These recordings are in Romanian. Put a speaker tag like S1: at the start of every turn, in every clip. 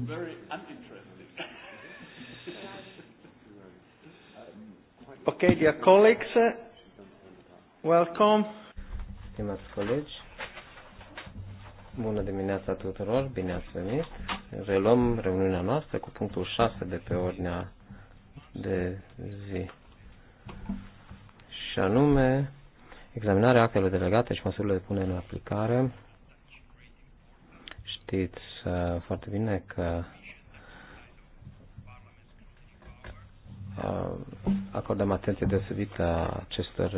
S1: Very uninteresting. okay,
S2: dear colleagues, welcome. Stimați colegi, bună dimineața tuturor, bine ați venit. Reluăm reuniunea noastră cu punctul 6 de pe ordinea de zi. Și anume, examinarea actelor delegate și măsurile de punere în aplicare știți uh, foarte bine că uh, acordăm atenție deosebită acestor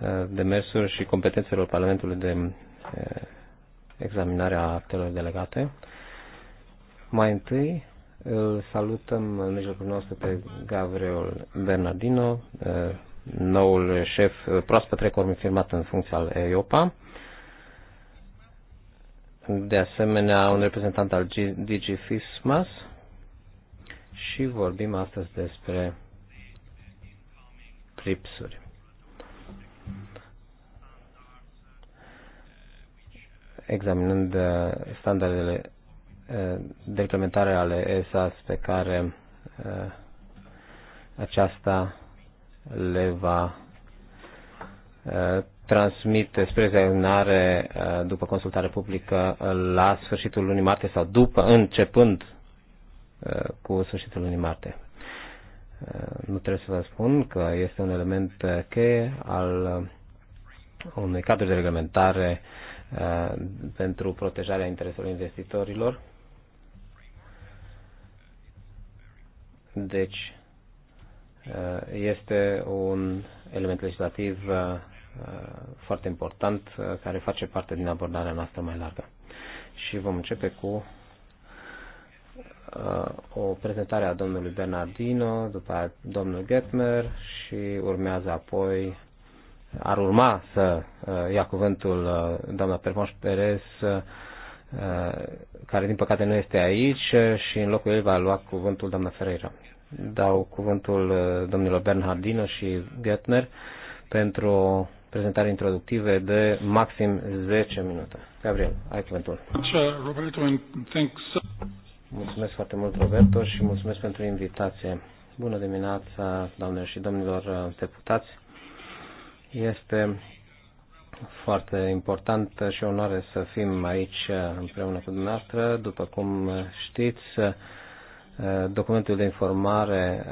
S2: uh, demersuri și competențelor Parlamentului de examinare a actelor delegate. Mai întâi îl salutăm în mijlocul nostru pe Gabriel Bernardino, noul șef proaspăt reconfirmat în funcția al EIOPA de asemenea un reprezentant al DigiFismas și vorbim astăzi despre tripsuri, Examinând uh, standardele uh, de implementare ale ESA pe care uh, aceasta le va transmit spre examinare uh, după consultare publică la sfârșitul lunii martie sau după, începând uh, cu sfârșitul lunii martie. Uh, nu trebuie să vă spun că este un element cheie al unui cadru de reglementare pentru protejarea intereselor investitorilor. Deci, este un element legislativ Uh, foarte important uh, care face parte din abordarea noastră mai largă. Și vom începe cu uh, o prezentare a domnului Bernardino, după aia domnul Getmer și urmează apoi ar urma să ia cuvântul doamna Permoș Perez, care din păcate nu este aici și în locul ei va lua cuvântul doamna Ferreira. Dau cuvântul domnilor Bernardino și Getner pentru prezentare introductive de maxim 10 minute. Gabriel, ai cuvântul. Mulțumesc foarte mult, Roberto, și mulțumesc pentru invitație. Bună dimineața, doamnelor și domnilor uh, deputați. Este foarte important și onoare să fim aici uh, împreună cu dumneavoastră. După cum știți, uh, documentul de informare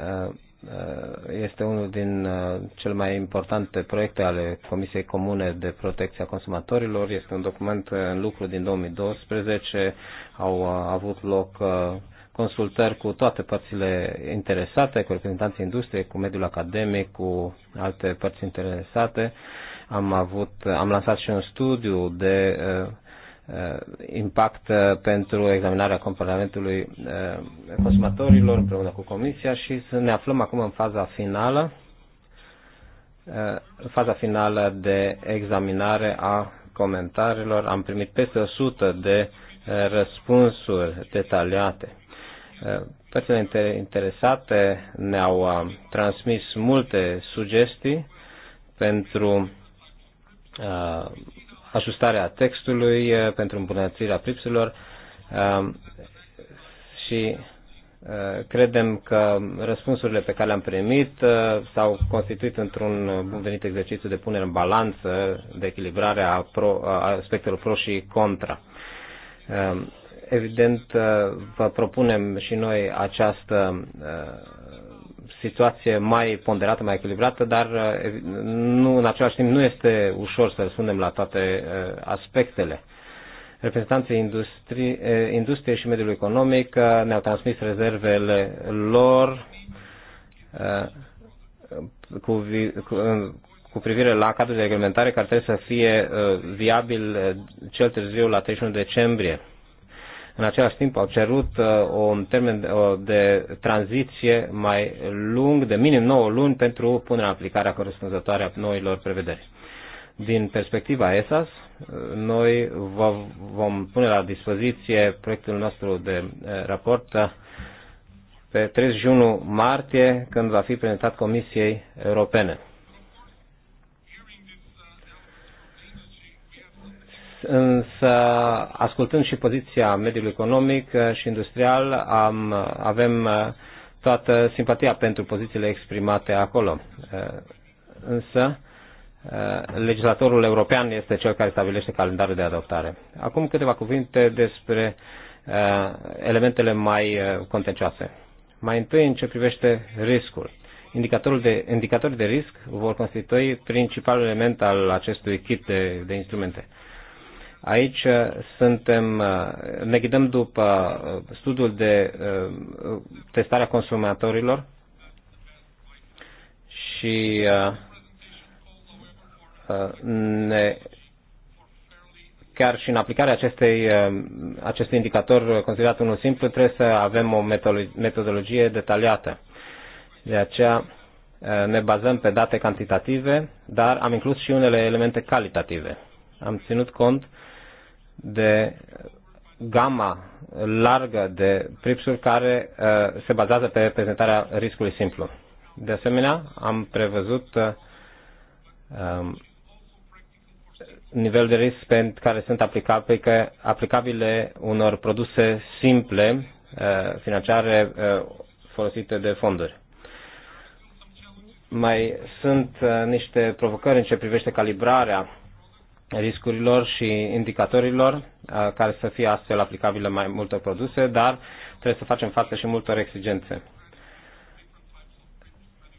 S2: Eh, este unul din eh, cel mai importante proiecte ale Comisiei Comune de Protecție a Consumatorilor. Este un document în lucru din 2012. Au eh, avut loc consultări cu toate părțile interesate, cu reprezentanții industriei, cu mediul academic, cu alte părți interesate. Am, avut, am lansat și un studiu de Uh, impact uh, pentru examinarea comportamentului uh, consumatorilor împreună cu Comisia și să ne aflăm acum în faza finală faza finală de examinare a comentariilor. Am primit peste 100 de răspunsuri detaliate. Persoanele interesate ne-au transmis multe sugestii pentru ajustarea textului eh, pentru îmbunătățirea pripsurilor eh, și eh, credem că răspunsurile pe care le-am primit s-au constituit într-un bun venit exercițiu de punere în balanță, de echilibrare a, pro, a aspectelor pro și contra. Evident, vă propunem și noi această situație mai ponderată, mai echilibrată, dar uh, nu, în același timp nu este ușor să răspundem la toate uh, aspectele. Reprezentanții industrie, uh, industriei și mediului economic ne-au transmis rezervele lor cu, cu, cu privire la cadrul de reglementare care trebuie să fie viabil cel târziu la 31 decembrie în același timp au cerut uh, un termen uh, de tranziție mai lung, de minim 9 luni, pentru punerea în aplicare a corespunzătoare a noilor prevederi. Din perspectiva ESAS, noi vom pune la dispoziție proiectul nostru de uh, raport pe 31 martie, când va fi prezentat Comisiei Europene. însă ascultând și poziția mediului economic și industrial, am, avem uh, toată simpatia pentru pozițiile exprimate acolo. Uh, însă, uh, legislatorul european este cel care stabilește calendarul de adoptare. Acum câteva cuvinte despre elementele mai contencioase. Mai întâi, în ce privește riscul. Indicatorul de, indicatorii de risc vor constitui principalul element al acestui kit de, de instrumente. Aici uh, suntem, uh, ne ghidăm după uh, studiul de testarea consumatorilor și ne, chiar și în aplicarea acestei, acestui indicator considerat unul simplu, trebuie să avem o metodologie detaliată. De aceea ne bazăm pe date cantitative, dar am inclus și unele elemente calitative. Am ținut cont de gama largă de pripsuri care uh, se bazează pe reprezentarea riscului simplu. De asemenea, am prevăzut uh, um, nivel de risc pentru care sunt aplicabile, aplicabile unor produse simple uh, financiare uh, folosite de fonduri. Mai sunt uh, niște provocări în ce privește calibrarea riscurilor și indicatorilor uh, care să fie astfel aplicabile mai multor produse, dar trebuie să facem față și multor exigențe.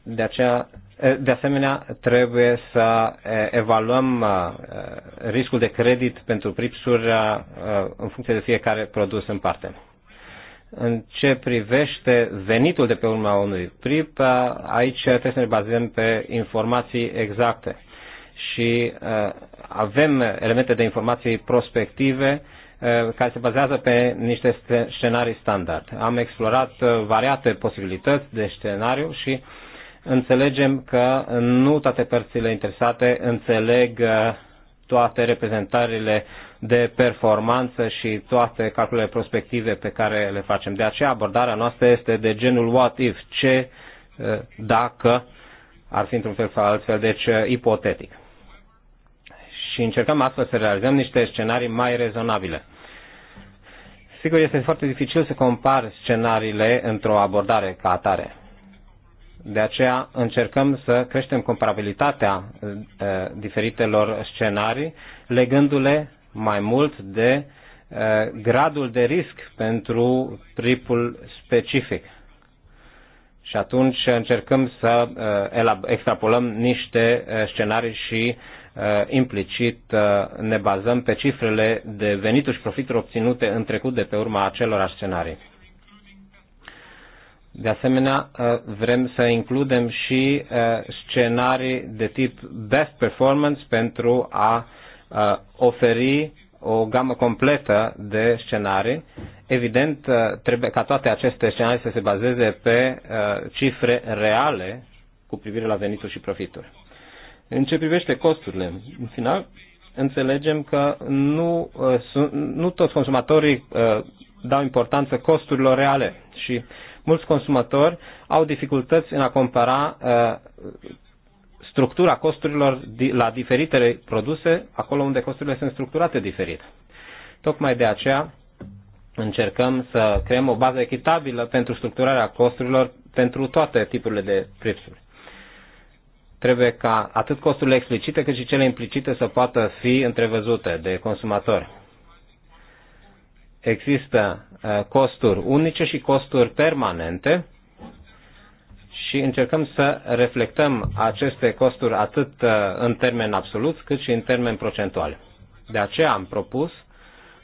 S2: De, aceea, de asemenea, trebuie să evaluăm uh, riscul de credit pentru pripsuri uh, în funcție de fiecare produs în parte. În ce privește venitul de pe urma unui PRIP, aici trebuie să ne bazăm pe informații exacte și uh, avem elemente de informații prospective uh, care se bazează pe niște scenarii standard. Am explorat uh, variate posibilități de scenariu și înțelegem că nu toate părțile interesate înțeleg toate reprezentările de performanță și toate calculele prospective pe care le facem. De aceea abordarea noastră este de genul what if, ce dacă ar fi într-un fel sau altfel, deci ipotetic și încercăm astfel să realizăm niște scenarii mai rezonabile. Sigur, este foarte dificil să compar scenariile într-o abordare ca atare. De aceea încercăm să creștem comparabilitatea eh, diferitelor scenarii, legându-le mai mult de eh, gradul de risc pentru tripul specific. Și atunci încercăm să eh, extrapolăm niște scenarii și Uh, implicit uh, ne bazăm pe cifrele de venituri și profituri obținute în trecut de pe urma acelor scenarii. De asemenea, uh, vrem să includem și scenarii de tip best performance pentru a oferi o gamă completă de scenarii. Evident, trebuie ca toate aceste scenarii să se bazeze pe cifre reale cu privire la venituri și profituri. În ce privește costurile, în final, înțelegem că nu, uh, nu toți consumatorii uh, dau importanță costurilor reale și mulți consumatori au dificultăți în a compara uh, structura costurilor la diferitele produse, acolo unde costurile sunt structurate diferit. Tocmai de aceea încercăm să creăm o bază echitabilă pentru structurarea costurilor pentru toate tipurile de prețuri trebuie ca atât costurile explicite cât și cele implicite să poată fi întrevăzute de consumatori. Există uh, costuri unice și costuri permanente și încercăm să reflectăm aceste costuri atât uh, în termen absolut cât și în termen procentual. De aceea am propus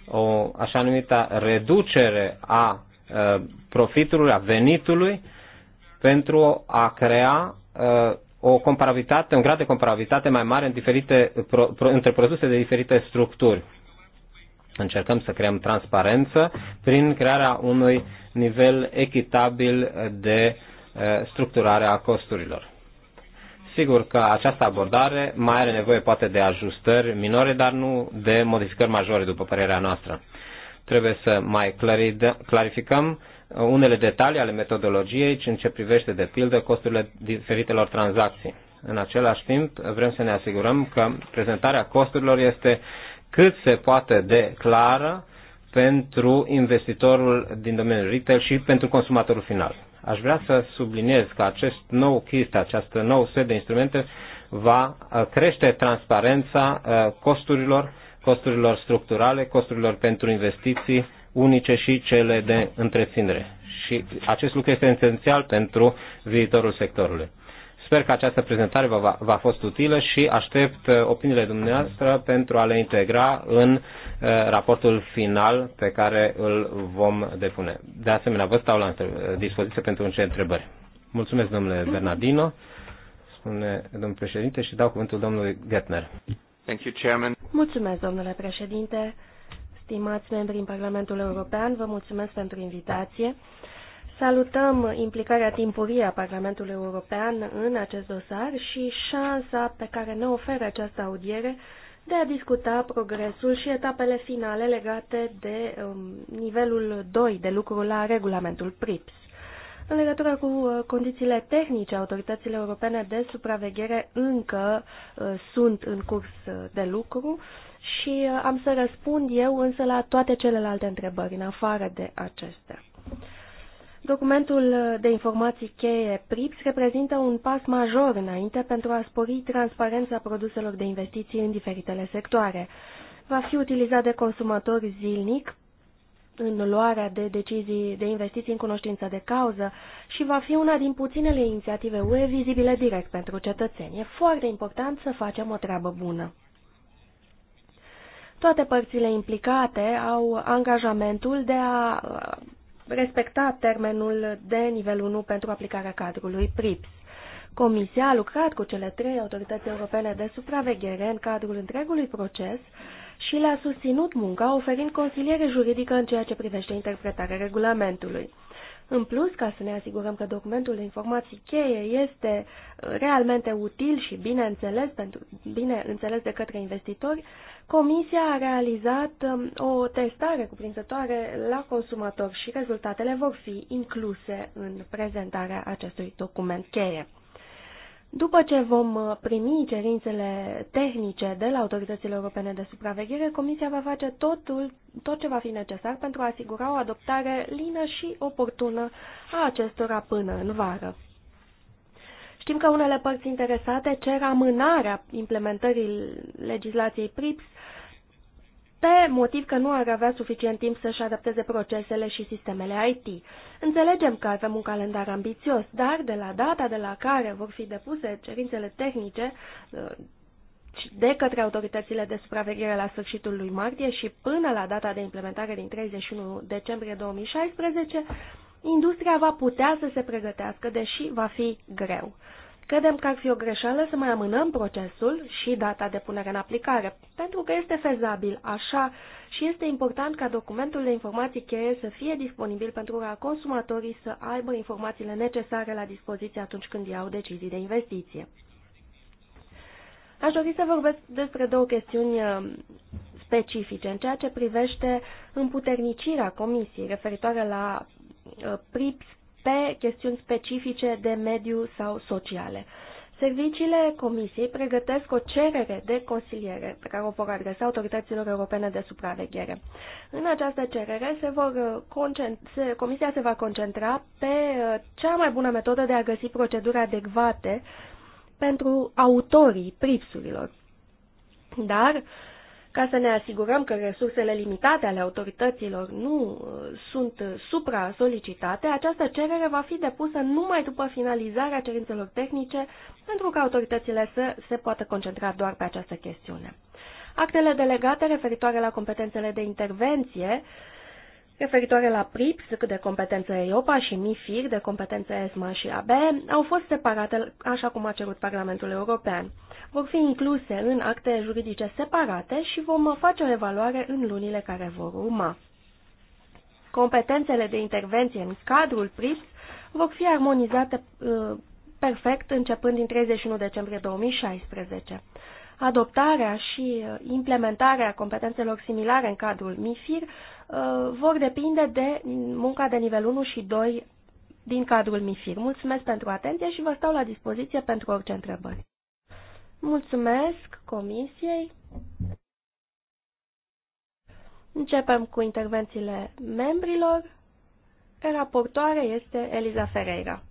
S2: o așa numită reducere a uh, profitului, a venitului pentru a crea o comparabilitate, un grad de comparabilitate mai mare în diferite, pro, pro, între produse de diferite structuri. Încercăm să creăm transparență prin crearea unui nivel echitabil de eh, structurare a costurilor. Sigur că această abordare mai are nevoie poate de ajustări minore, dar nu de modificări majore, după părerea noastră. Trebuie să mai clarificăm unele detalii ale metodologiei în ce privește, de pildă, costurile diferitelor tranzacții. În același timp, vrem să ne asigurăm că prezentarea costurilor este cât se poate de clară pentru investitorul din domeniul retail și pentru consumatorul final. Aș vrea să subliniez că acest nou kit, acest nou set de instrumente va uh, crește transparența uh, costurilor, costurilor structurale, costurilor pentru investiții unice și cele de întreținere. Și acest lucru este esențial pentru viitorul sectorului. Sper că această prezentare v-a, v-a fost utilă și aștept uh, opiniile dumneavoastră pentru a le integra în uh, raportul final pe care îl vom depune. De asemenea, vă stau la dispoziție pentru niște întrebări. Mulțumesc, domnule Bernardino, spune domnul președinte și dau cuvântul domnului Getner. Thank you, Chairman.
S3: Mulțumesc, domnule președinte stimați membri în Parlamentul European, vă mulțumesc pentru invitație. Salutăm implicarea timpurie a Parlamentului European în acest dosar și șansa pe care ne oferă această audiere de a discuta progresul și etapele finale legate de um, nivelul 2 de lucru la regulamentul PRIPS. În legătură cu uh, condițiile tehnice, autoritățile europene de supraveghere încă uh, sunt în curs uh, de lucru și am să răspund eu însă la toate celelalte întrebări, în afară de acestea. Documentul de informații cheie PRIPS reprezintă un pas major înainte pentru a spori transparența produselor de investiții în diferitele sectoare. Va fi utilizat de consumatori zilnic în luarea de decizii de investiții în cunoștință de cauză și va fi una din puținele inițiative UE vizibile direct pentru cetățeni. E foarte important să facem o treabă bună. Toate părțile implicate au angajamentul de a uh, respecta termenul de nivel 1 pentru aplicarea cadrului PRIPS. Comisia a lucrat cu cele trei autorități europene de supraveghere în cadrul întregului proces și le-a susținut munca oferind consiliere juridică în ceea ce privește interpretarea regulamentului. În plus, ca să ne asigurăm că documentul de informații cheie este uh, realmente util și bine înțeles, pentru, bine înțeles de către investitori, Comisia a realizat um, o testare cuprinzătoare la consumator și rezultatele vor fi incluse în prezentarea acestui document cheie. După ce vom uh, primi cerințele tehnice de la autoritățile europene de supraveghere, Comisia va face totul, tot ce va fi necesar pentru a asigura o adoptare lină și oportună a acestora până în vară. Știm că unele părți interesate cer amânarea implementării legislației PRIPS pe motiv că nu ar avea suficient timp să-și adapteze procesele și sistemele IT. Înțelegem că avem un calendar ambițios, dar de la data de la care vor fi depuse cerințele tehnice uh, de către autoritățile de supraveghere la sfârșitul lui martie și până la data de implementare din 31 decembrie 2016, industria va putea să se pregătească, deși va fi greu. Credem că ar fi o greșeală să mai amânăm procesul și data de punere în aplicare, pentru că este fezabil așa și este important ca documentul de informații cheie să fie disponibil pentru ca consumatorii să aibă informațiile necesare la dispoziție atunci când iau decizii de investiție. Aș dori să vorbesc despre două chestiuni uh, specifice în ceea ce privește împuternicirea Comisiei referitoare la uh, PRIPS pe chestiuni specifice de mediu sau sociale. Serviciile Comisiei pregătesc o cerere de consiliere pe care o vor adresa autorităților europene de supraveghere. În această cerere, se vor uh, se, Comisia se va concentra pe uh, cea mai bună metodă de a găsi proceduri adecvate pentru autorii pripsurilor. Dar ca să ne asigurăm că resursele limitate ale autorităților nu uh, sunt uh, supra-solicitate, această cerere va fi depusă numai după finalizarea cerințelor tehnice, pentru că autoritățile să se poată concentra doar pe această chestiune. Actele delegate referitoare la competențele de intervenție, referitoare la PRIPS, de competență EIOPA și MIFIR, de competență ESMA și AB, au fost separate așa cum a cerut Parlamentul European vor fi incluse în acte juridice separate și vom face o evaluare în lunile care vor urma. Competențele de intervenție în cadrul PRIS vor fi armonizate uh, perfect începând din 31 decembrie 2016. Adoptarea și uh, implementarea competențelor similare în cadrul MIFIR uh, vor depinde de munca de nivel 1 și 2 din cadrul MIFIR. Mulțumesc pentru atenție și vă stau la dispoziție pentru orice întrebări. Mulțumesc Comisiei. Începem cu intervențiile membrilor. Raportoare este Eliza Ferreira.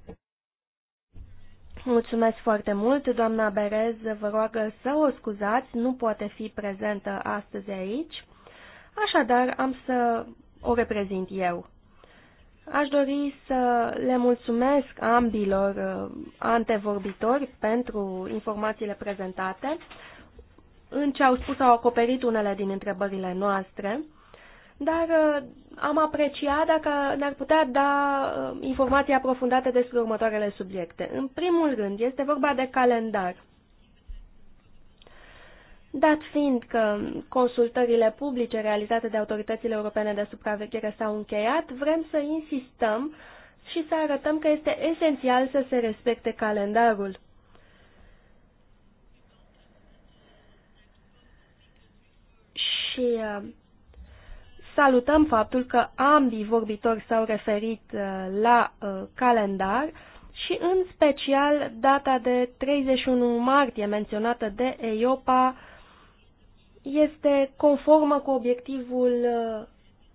S3: Mulțumesc foarte mult, doamna Berez, vă rog să o scuzați, nu poate fi prezentă astăzi aici, așadar am să o reprezint eu. Aș dori să le mulțumesc ambilor uh, antevorbitori pentru informațiile prezentate. În ce au spus au acoperit unele din întrebările noastre, dar uh, am apreciat dacă ne-ar putea da uh, informații aprofundate despre următoarele subiecte. În primul rând, este vorba de calendar. Dat fiind că consultările publice realizate de autoritățile europene de supraveghere s-au încheiat, vrem să insistăm și să arătăm că este esențial să se respecte calendarul. Și uh, salutăm faptul că ambii vorbitori s-au referit uh, la uh, calendar și în special data de 31 martie menționată de EIOPA este conformă cu obiectivul uh,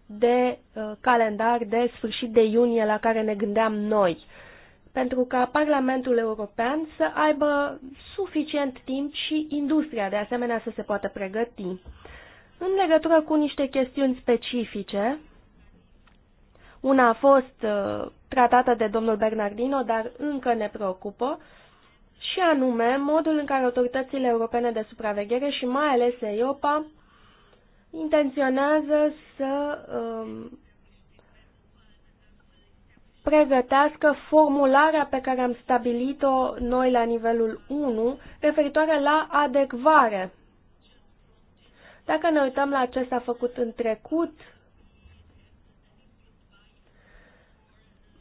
S3: de uh, calendar de sfârșit de iunie la care ne gândeam noi, pentru ca Parlamentul European să aibă suficient timp și industria de asemenea să se poată pregăti. În legătură cu niște chestiuni specifice, una a fost uh, tratată de domnul Bernardino, dar încă ne preocupă, uh, și anume modul în care autoritățile europene de supraveghere și mai ales EIOPA intenționează să um, pregătească formularea pe care am stabilit-o noi la nivelul 1 referitoare la adecvare. Dacă ne uităm la ce s-a făcut în trecut,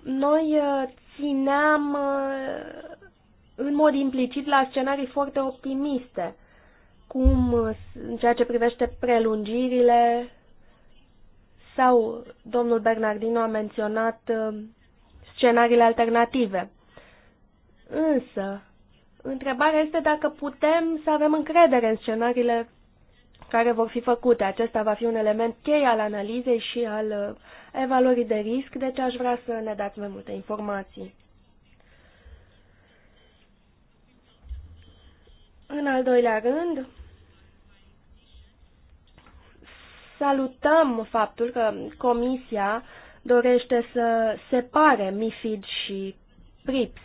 S3: noi uh, țineam uh, în mod implicit la scenarii foarte optimiste, cum în ceea ce privește prelungirile sau domnul Bernardino a menționat uh, scenariile alternative. Însă, întrebarea este dacă putem să avem încredere în scenariile care vor fi făcute. Acesta va fi un element cheie al analizei și al uh, evaluării de risc, deci aș vrea să ne dați mai multe informații. În al doilea rând, salutăm faptul că Comisia dorește să separe MIFID și PRIPS.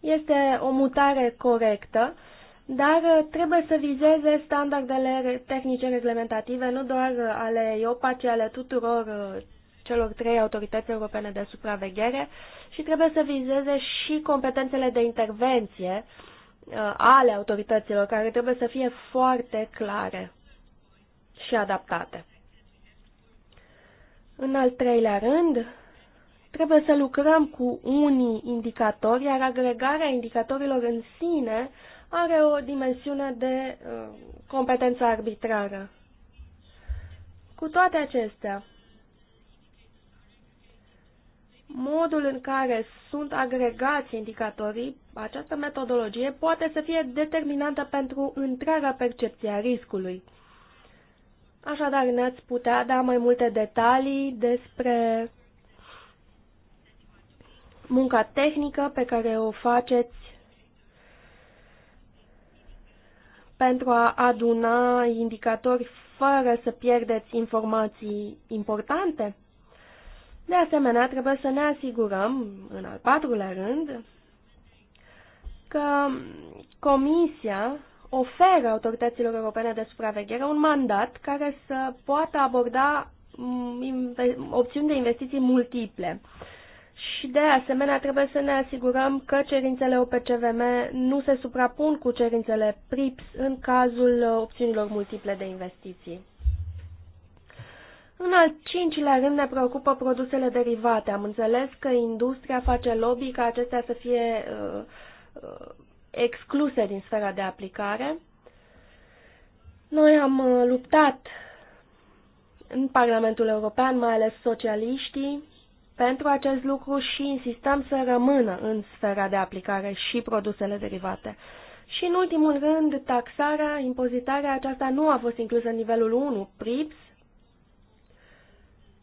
S3: Este o mutare corectă, dar trebuie să vizeze standardele tehnice reglementative, nu doar ale EOPA, ci ale tuturor uh, celor trei autorități europene de supraveghere și trebuie să vizeze și competențele de intervenție uh, Uh, ale autorităților, care trebuie să fie foarte clare și adaptate. În al treilea rând, trebuie să lucrăm cu unii indicatori, iar agregarea indicatorilor în sine are o dimensiune de uh, competență arbitrară. Cu toate acestea, modul în care sunt agregați indicatorii această metodologie poate să fie determinantă pentru întreaga percepție a riscului. Așadar, ne-ați putea da mai multe detalii despre munca tehnică pe care o faceți pentru a aduna indicatori fără să pierdeți informații importante? De asemenea, trebuie să ne asigurăm, în al patrulea rând, că Comisia oferă autorităților europene de supraveghere un mandat care să poată aborda mm, opțiuni de investiții multiple. Și de asemenea trebuie să ne asigurăm că cerințele OPCVM nu se suprapun cu cerințele PRIPS în cazul opțiunilor multiple de investiții. În al cincilea rând ne preocupă produsele derivate. Am înțeles că industria face lobby ca acestea să fie uh, Uh, excluse din sfera de aplicare. Noi am uh, luptat în Parlamentul European, mai ales socialiștii, pentru acest lucru și insistăm să rămână în sfera de aplicare și produsele derivate. Și în ultimul rând, taxarea, impozitarea aceasta nu a fost inclusă în nivelul 1 PRIPS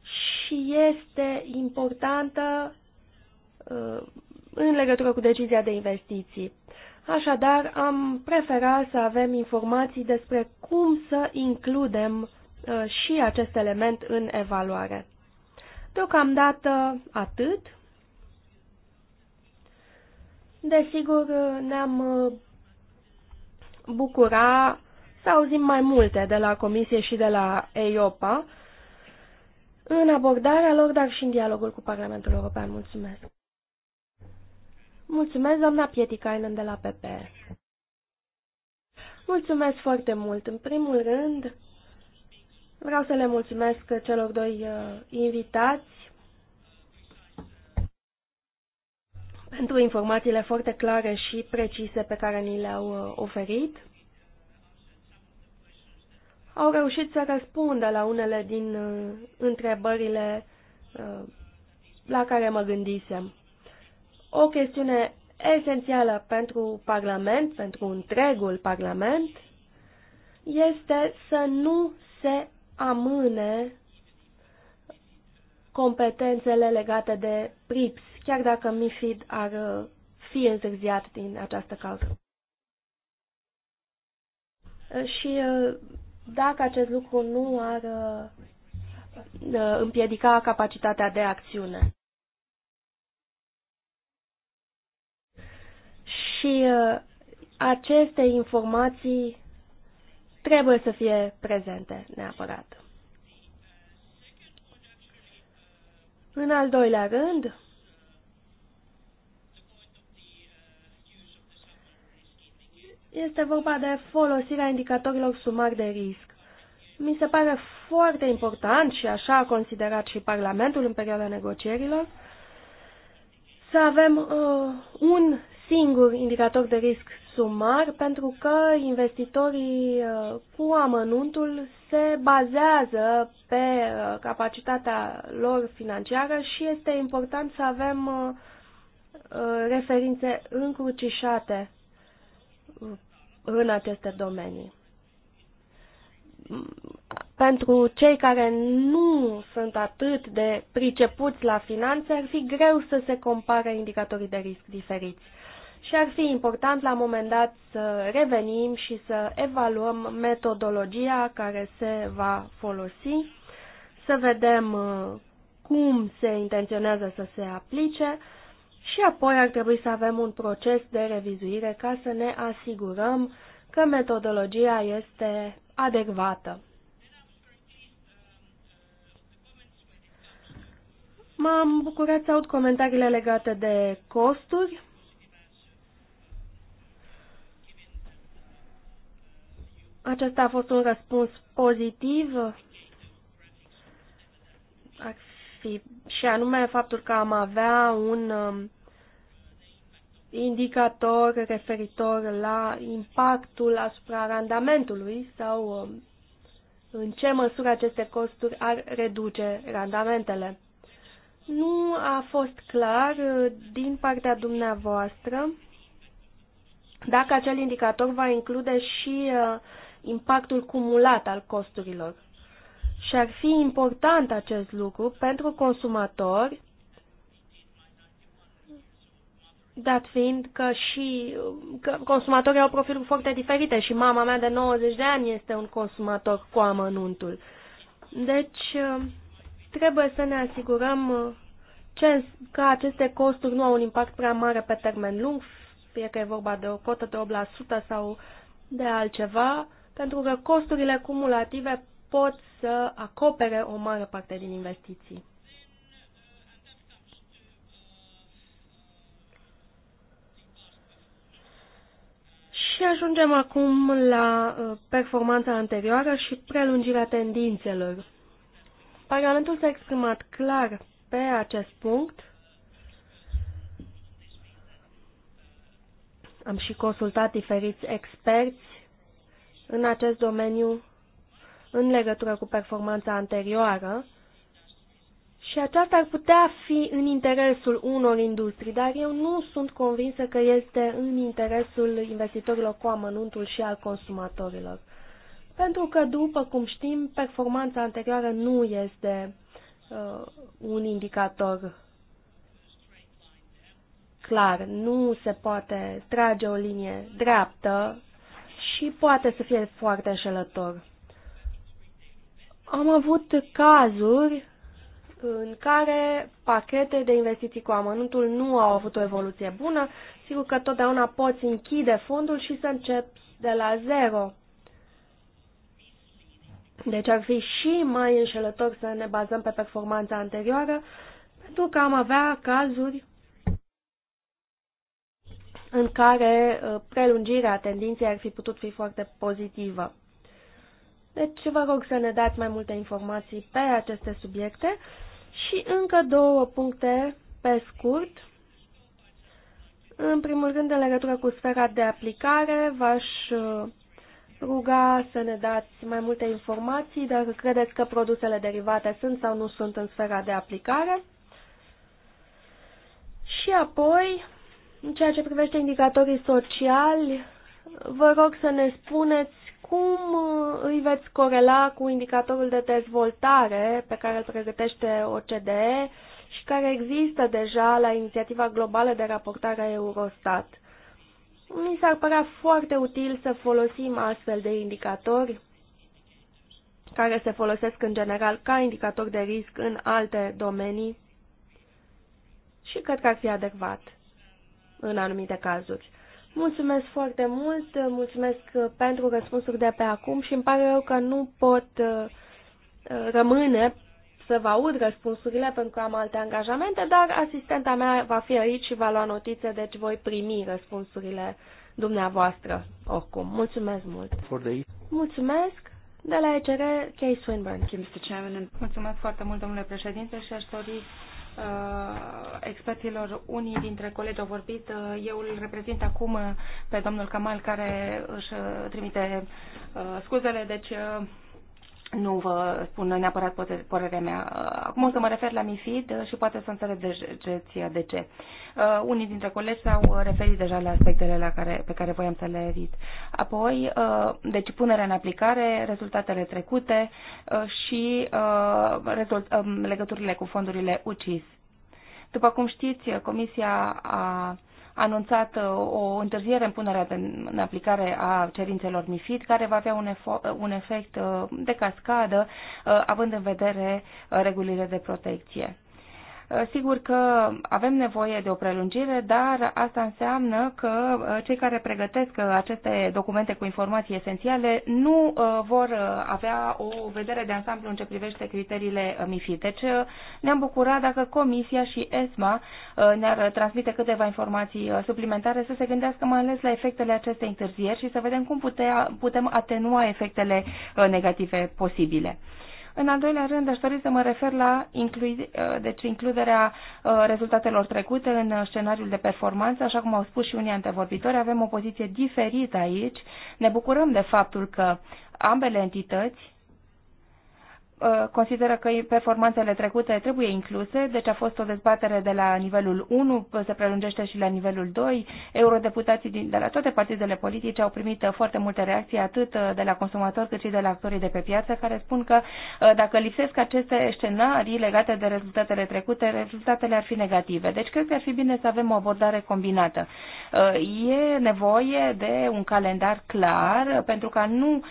S3: și este importantă uh, în legătură cu decizia de investiții. Așadar, am preferat să avem informații despre cum să includem uh, și acest element în evaluare. Deocamdată atât. Desigur, uh, ne-am uh, bucura să auzim mai multe de la Comisie și de la EIOPA în abordarea lor, dar și în dialogul cu Parlamentul European. Mulțumesc! Mulțumesc, doamna Pietikainen de la PP. Mulțumesc foarte mult. În primul rând, vreau să le mulțumesc celor doi uh, invitați pentru informațiile foarte clare și precise pe care ni le-au uh, oferit. Au reușit să răspundă la unele din uh, întrebările uh, la care mă gândisem o chestiune esențială pentru Parlament, pentru întregul Parlament, este să nu se amâne competențele legate de PRIPS, chiar dacă MIFID ar uh, fi întârziat din această cauză. Uh, și uh, dacă acest lucru nu ar împiedica capacitatea de acțiune. și uh, aceste informații trebuie să fie prezente neapărat. În al doilea rând, este vorba de folosirea indicatorilor sumari de risc. Mi se pare foarte important și așa a considerat și Parlamentul în perioada negocierilor, să avem uh, un singur indicator de risc sumar pentru că investitorii uh, cu amănuntul se bazează pe uh, capacitatea lor financiară și este important să avem uh, referințe încrucișate în aceste domenii. Pentru cei care nu sunt atât de pricepuți la finanțe, ar fi greu să se compare indicatorii de risc diferiți și ar fi important la un moment dat să revenim și să evaluăm metodologia care se va folosi, să vedem uh, cum se intenționează să se aplice și apoi ar trebui să avem un proces de revizuire ca să ne asigurăm că metodologia este adecvată. M-am bucurat să aud comentariile legate de costuri. Acesta a fost un răspuns pozitiv, ar fi, și anume faptul că am avea un um, indicator referitor la impactul asupra randamentului sau um, în ce măsură aceste costuri ar reduce randamentele. Nu a fost clar uh, din partea dumneavoastră dacă acel indicator va include și uh, impactul cumulat al costurilor. Și ar fi important acest lucru pentru consumatori, dat fiind că și că consumatorii au profiluri foarte diferite și mama mea de 90 de ani este un consumator cu amănuntul. Deci, trebuie să ne asigurăm ce, că aceste costuri nu au un impact prea mare pe termen lung, fie că e vorba de o cotă de 8% sau de altceva, pentru că costurile cumulative pot să acopere o mare parte din investiții. Și ajungem acum la uh, performanța anterioară și prelungirea tendințelor. Parlamentul s-a exprimat clar pe acest punct. Am și consultat diferiți experți în acest domeniu în legătură cu performanța anterioară și aceasta ar putea fi în interesul unor industrii, dar eu nu sunt convinsă că este în interesul investitorilor cu amănuntul și al consumatorilor. Pentru că, după cum știm, performanța anterioară nu este uh, un indicator clar. Nu se poate trage o linie dreaptă și poate să fie foarte înșelător. Am avut cazuri în care pachete de investiții cu amănuntul nu au avut o evoluție bună. Sigur că totdeauna poți închide fondul și să începi de la zero. Deci ar fi și mai înșelător să ne bazăm pe performanța anterioară, pentru că am avea cazuri în care uh, prelungirea tendinței ar fi putut fi foarte pozitivă. Deci vă rog să ne dați mai multe informații pe aceste subiecte și încă două puncte pe scurt. În primul rând, în legătură cu sfera de aplicare, v-aș uh, ruga să ne dați mai multe informații dacă credeți că produsele derivate sunt sau nu sunt în sfera de aplicare. Și apoi, în ceea ce privește indicatorii sociali, vă rog să ne spuneți cum uh, îi veți corela cu indicatorul de dezvoltare pe care îl pregătește OCDE și care există deja la inițiativa globală de raportare a Eurostat. Mi s-ar părea foarte util să folosim astfel de indicatori care se folosesc în general ca indicator de risc în alte domenii și cred că ar fi adecvat în anumite cazuri. Mulțumesc foarte mult, mulțumesc pentru răspunsuri de pe acum și îmi pare rău că nu pot uh, rămâne să vă aud răspunsurile pentru că am alte angajamente, dar asistenta mea va fi aici și va lua notițe, deci voi primi răspunsurile dumneavoastră oricum. Mulțumesc mult!
S1: Mulțumesc! De la ECR, Kay Swinburne. Mulțumesc foarte mult, domnule președinte, și aș dori Uh, expertilor Unii dintre colegi au vorbit. Uh, eu îl reprezint acum uh, pe domnul Kamal care își trimite scuzele, deci nu vă spun neapărat părerea mea. Acum o să mă refer la MIFID și poate să înțelegeți de ce. Uh, unii dintre colegi s-au referit deja la aspectele la care, pe care voiam să le evit. Apoi, uh, deci punerea în aplicare, rezultatele trecute uh, și um, legăturile cu fondurile UCIS. După cum știți, Comisia a anunțat uh, o întârziere în punerea de, în aplicare a cerințelor MIFID, care va avea un, uh, un efect uh, de cascadă, având în vedere regulile de protecție. Eh, sigur că avem nevoie de o prelungire, dar asta înseamnă că eh, cei care pregătesc eh, aceste documente cu informații esențiale nu vor avea o vedere de ansamblu în ce privește criteriile MIFID. Deci ne-am bucurat dacă Comisia și ESMA ne-ar transmite câteva informații suplimentare să se gândească mai ales la efectele acestei întârzieri și să vedem cum putea, putem atenua efectele negative posibile. În al doilea rând, aș dori să mă refer la include, uh, deci includerea uh, rezultatelor trecute în uh, scenariul de performanță. Așa cum au spus și unii antevorbitori, avem o poziție diferită aici. Ne bucurăm de faptul că ambele entități Uh, consideră că performanțele trecute trebuie incluse, deci a fost o dezbatere de la nivelul 1, se prelungește și la nivelul 2. Eurodeputații din, de la toate partidele politice au primit uh, foarte multe reacții, atât uh, de la consumatori cât și de la actorii de pe piață, care spun că dacă lipsesc aceste scenarii legate de rezultatele trecute, rezultatele ar fi negative. Deci cred că ar fi bine să avem o abordare combinată. E nevoie de un calendar clar pentru ca nu,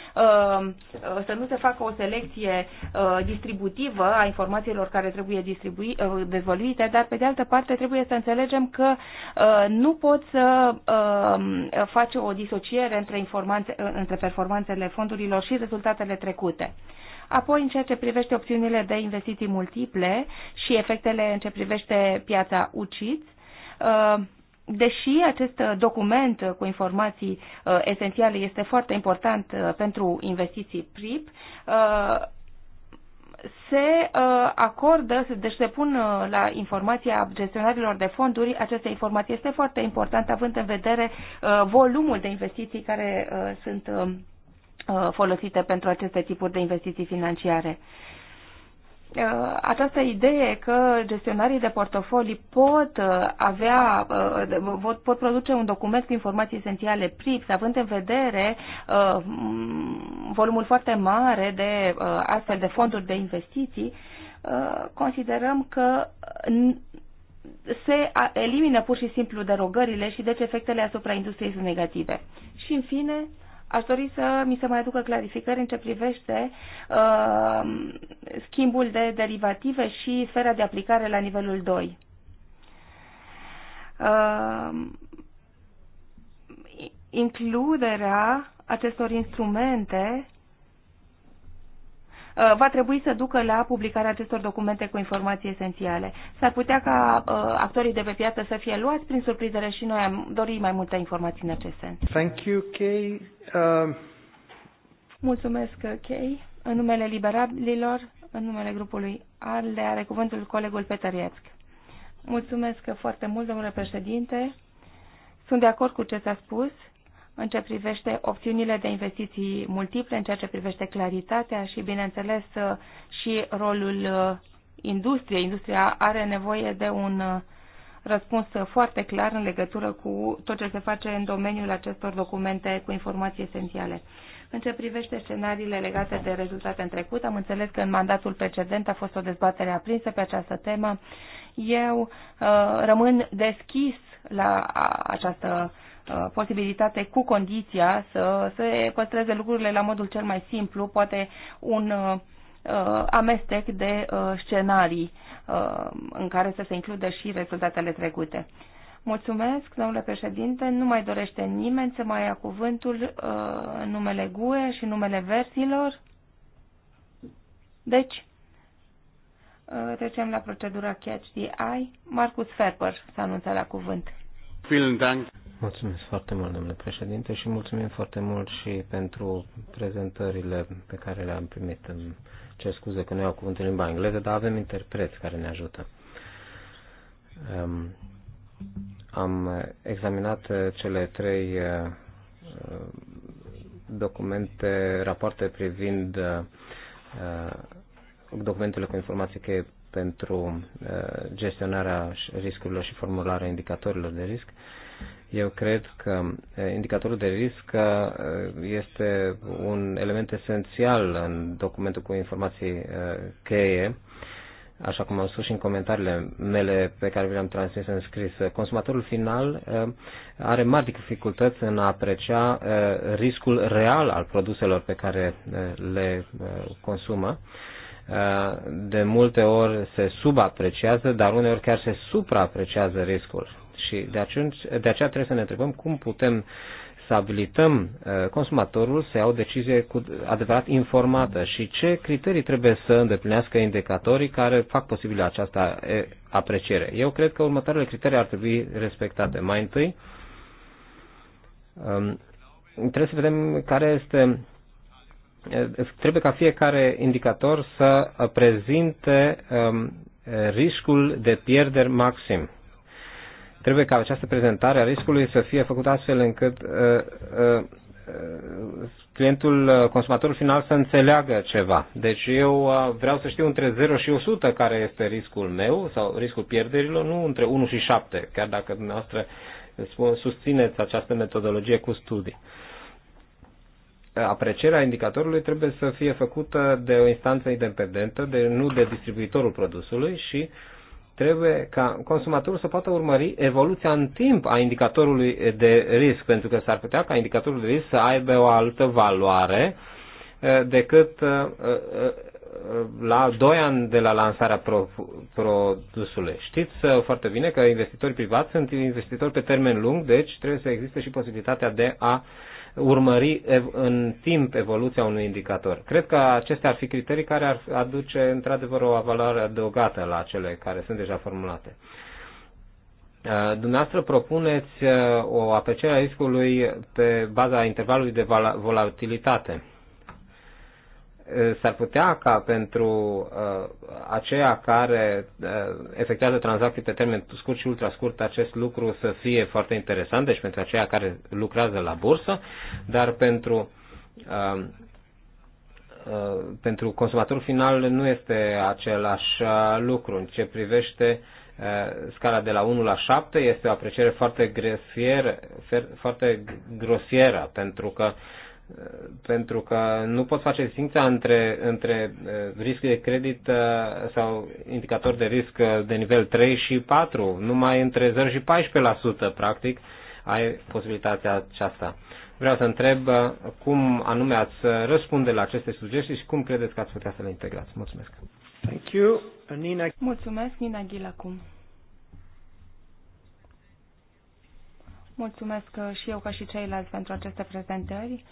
S1: să nu se facă o selecție Uh, distributivă a informațiilor care trebuie distribui, uh, dezvăluite, dar pe de altă parte trebuie să înțelegem că uh, nu poți să um, face o disociere între, între performanțele fondurilor și rezultatele trecute. Apoi, în ceea ce privește opțiunile de investiții multiple și efectele în ce privește piața UCIT, deși acest document cu informații esențiale este foarte important pentru investiții PRIP, se uh, acordă, deci se pun uh, la informația gestionarilor de fonduri, această informație este foarte importantă având în vedere uh, volumul de investiții care sunt um, folosite pentru aceste tipuri de investiții financiare. Uh, această idee că gestionarii de portofolii pot uh, avea, uh, pot produce un document cu informații esențiale PRIPS, având în vedere volumul foarte mare de astfel de fonduri de investiții, considerăm că se elimină pur și simplu derogările și deci efectele asupra industriei sunt negative. Și în fine, Aș dori să mi se mai aducă clarificări în ce privește uh, schimbul de derivative și sfera de aplicare la nivelul 2. Uh, includerea acestor instrumente Uh, va trebui să ducă la publicarea acestor documente cu informații esențiale. S-ar putea ca uh, actorii de pe piață să fie luați prin surprindere și noi am dorit mai multe informații în acest sens.
S2: Thank you, Kay. Um, uh...
S1: Mulțumesc, Kay. În numele liberalilor, în numele grupului ALDE, are cuvântul colegul Peter Iețc. Mulțumesc foarte mult, domnule președinte. Sunt de acord cu ce s-a spus în ce privește opțiunile de investiții multiple, în ceea ce privește claritatea și, bineînțeles, și rolul uh, industriei. Industria are nevoie de un uh, răspuns foarte clar în legătură cu tot ce se face în domeniul acestor documente cu informații esențiale. În ce privește scenariile legate de rezultate în trecut, am înțeles că în mandatul precedent a fost o dezbatere aprinsă pe această temă. Eu uh, rămân deschis la această uh, Uh, posibilitate cu condiția să se păstreze lucrurile la modul cel mai simplu, poate un uh, uh, amestec de scenarii în care să se includă și rezultatele trecute. Mulțumesc, domnule președinte. Nu mai dorește nimeni să mai ia cuvântul în numele GUE și numele versilor. Deci, trecem la procedura Catch the Eye. Marcus Ferber s-a anunțat la cuvânt.
S2: Mulțumesc foarte mult, domnule președinte, și mulțumim foarte mult și pentru prezentările pe care le-am primit. Ce scuze că nu iau cuvântul în limba engleză, dar avem interpreți care ne ajută. Um, am examinat uh, cele trei uh, documente, rapoarte privind uh, uh, documentele cu informații cheie pentru uh, gestionarea riscurilor și formularea indicatorilor de risc. Uh, eu cred că indicatorul de risc este un element esențial în documentul cu informații cheie, așa cum am spus și în comentariile mele pe care vi le-am transmis în scris. Consumatorul final are mari dificultăți în a aprecia riscul real al produselor pe care le consumă de multe ori se subapreciază, dar uneori chiar se supraapreciază riscul. Și de, atunci, de aceea trebuie să ne întrebăm cum putem să abilităm uh, consumatorul să ia o decizie cu adevărat informată și ce criterii trebuie să îndeplinească indicatorii care fac posibilă această apreciere. Eu cred că următoarele criterii ar trebui respectate. Mai întâi, um, trebuie să vedem care este trebuie ca fiecare indicator să prezinte um, riscul de pierderi maxim. Trebuie ca această prezentare a riscului să fie făcută astfel încât uh, uh, uh clientul, uh, consumatorul final să înțeleagă ceva. Deci eu uh, vreau să știu între 0 și 100 care este riscul meu sau riscul pierderilor, nu între 1 și 7, chiar dacă dumneavoastră susțineți această metodologie cu studii. Aprecierea indicatorului trebuie să fie făcută de o instanță independentă, de, nu de distribuitorul produsului și uh, trebuie ca consumatorul să poată urmări evoluția în timp a indicatorului de risc, pentru că s-ar putea ca indicatorul de risc să aibă o altă valoare eh, decât eh, eh, la 2 ani de la lansarea pro, produsului. Știți foarte bine că investitorii privați sunt investitori pe termen lung, deci trebuie să existe și posibilitatea de a uh, urmări în timp evoluția unui indicator. Cred că acestea ar fi criterii care ar aduce într-adevăr o valoare adăugată la cele care sunt deja formulate. Uh, dumneavoastră propuneți uh, o apreciere a riscului pe baza intervalului de volatilitate s-ar putea ca pentru uh, aceia care uh, efectuează tranzacții pe termen scurt și ultrascurt acest lucru să fie foarte interesant, deci pentru aceia care lucrează la bursă, dar pentru, uh, uh, pentru consumatorul final nu este același uh, lucru. În ce privește uh, scala de la 1 la 7 este o apreciere foarte grosieră, foarte grosieră pentru că uh, pentru că nu pot face distinția între, între uh, risc de credit uh, sau indicator de risc uh, de nivel 3 și 4, numai între 0 și 14% practic ai posibilitatea aceasta. Vreau să întreb cum anume ați răspunde la aceste sugestii și cum credeți că ați putea să le integrați. Mulțumesc. Thank you.
S1: Nina. Mulțumesc, Nina Ghil acum. Mulțumesc și eu ca și ceilalți pentru aceste prezentări.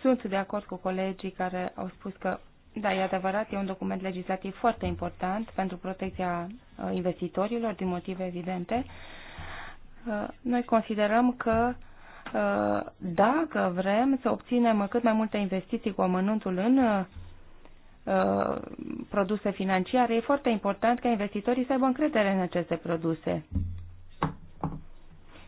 S1: Sunt de acord cu colegii care au spus că, da, e adevărat, e un document legislativ foarte important pentru protecția uh, investitorilor, din motive evidente. Uh, noi considerăm că uh, dacă vrem să obținem cât mai multe investiții cu amănuntul în produse financiare, e foarte important ca investitorii să aibă încredere în aceste produse.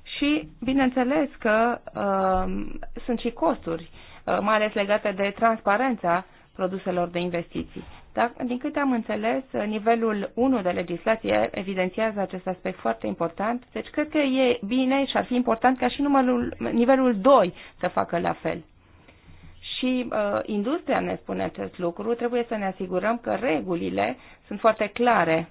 S1: Și, bineînțeles că uh, sunt și costuri Uh, mai ales legate de transparența produselor de investiții. Dar, din câte am înțeles, uh, nivelul 1 de legislație evidențiază acest aspect foarte important, deci cred că e bine și ar fi important ca și numărul, nivelul 2 să facă la fel. Și uh, industria ne spune acest lucru, trebuie să ne asigurăm că regulile sunt foarte clare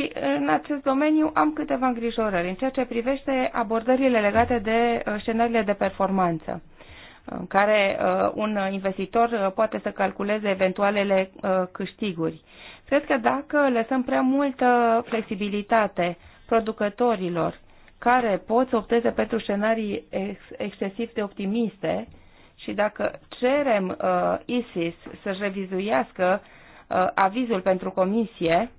S1: Și în acest domeniu am câteva îngrijorări în ceea ce privește abordările legate de uh, scenariile de performanță uh, în care uh, un investitor poate să calculeze eventualele câștiguri. Cred că dacă lăsăm prea multă flexibilitate producătorilor care pot să opteze pentru scenarii ex- excesiv de optimiste și dacă cerem uh, ISIS să-și revizuiască uh, avizul pentru comisie,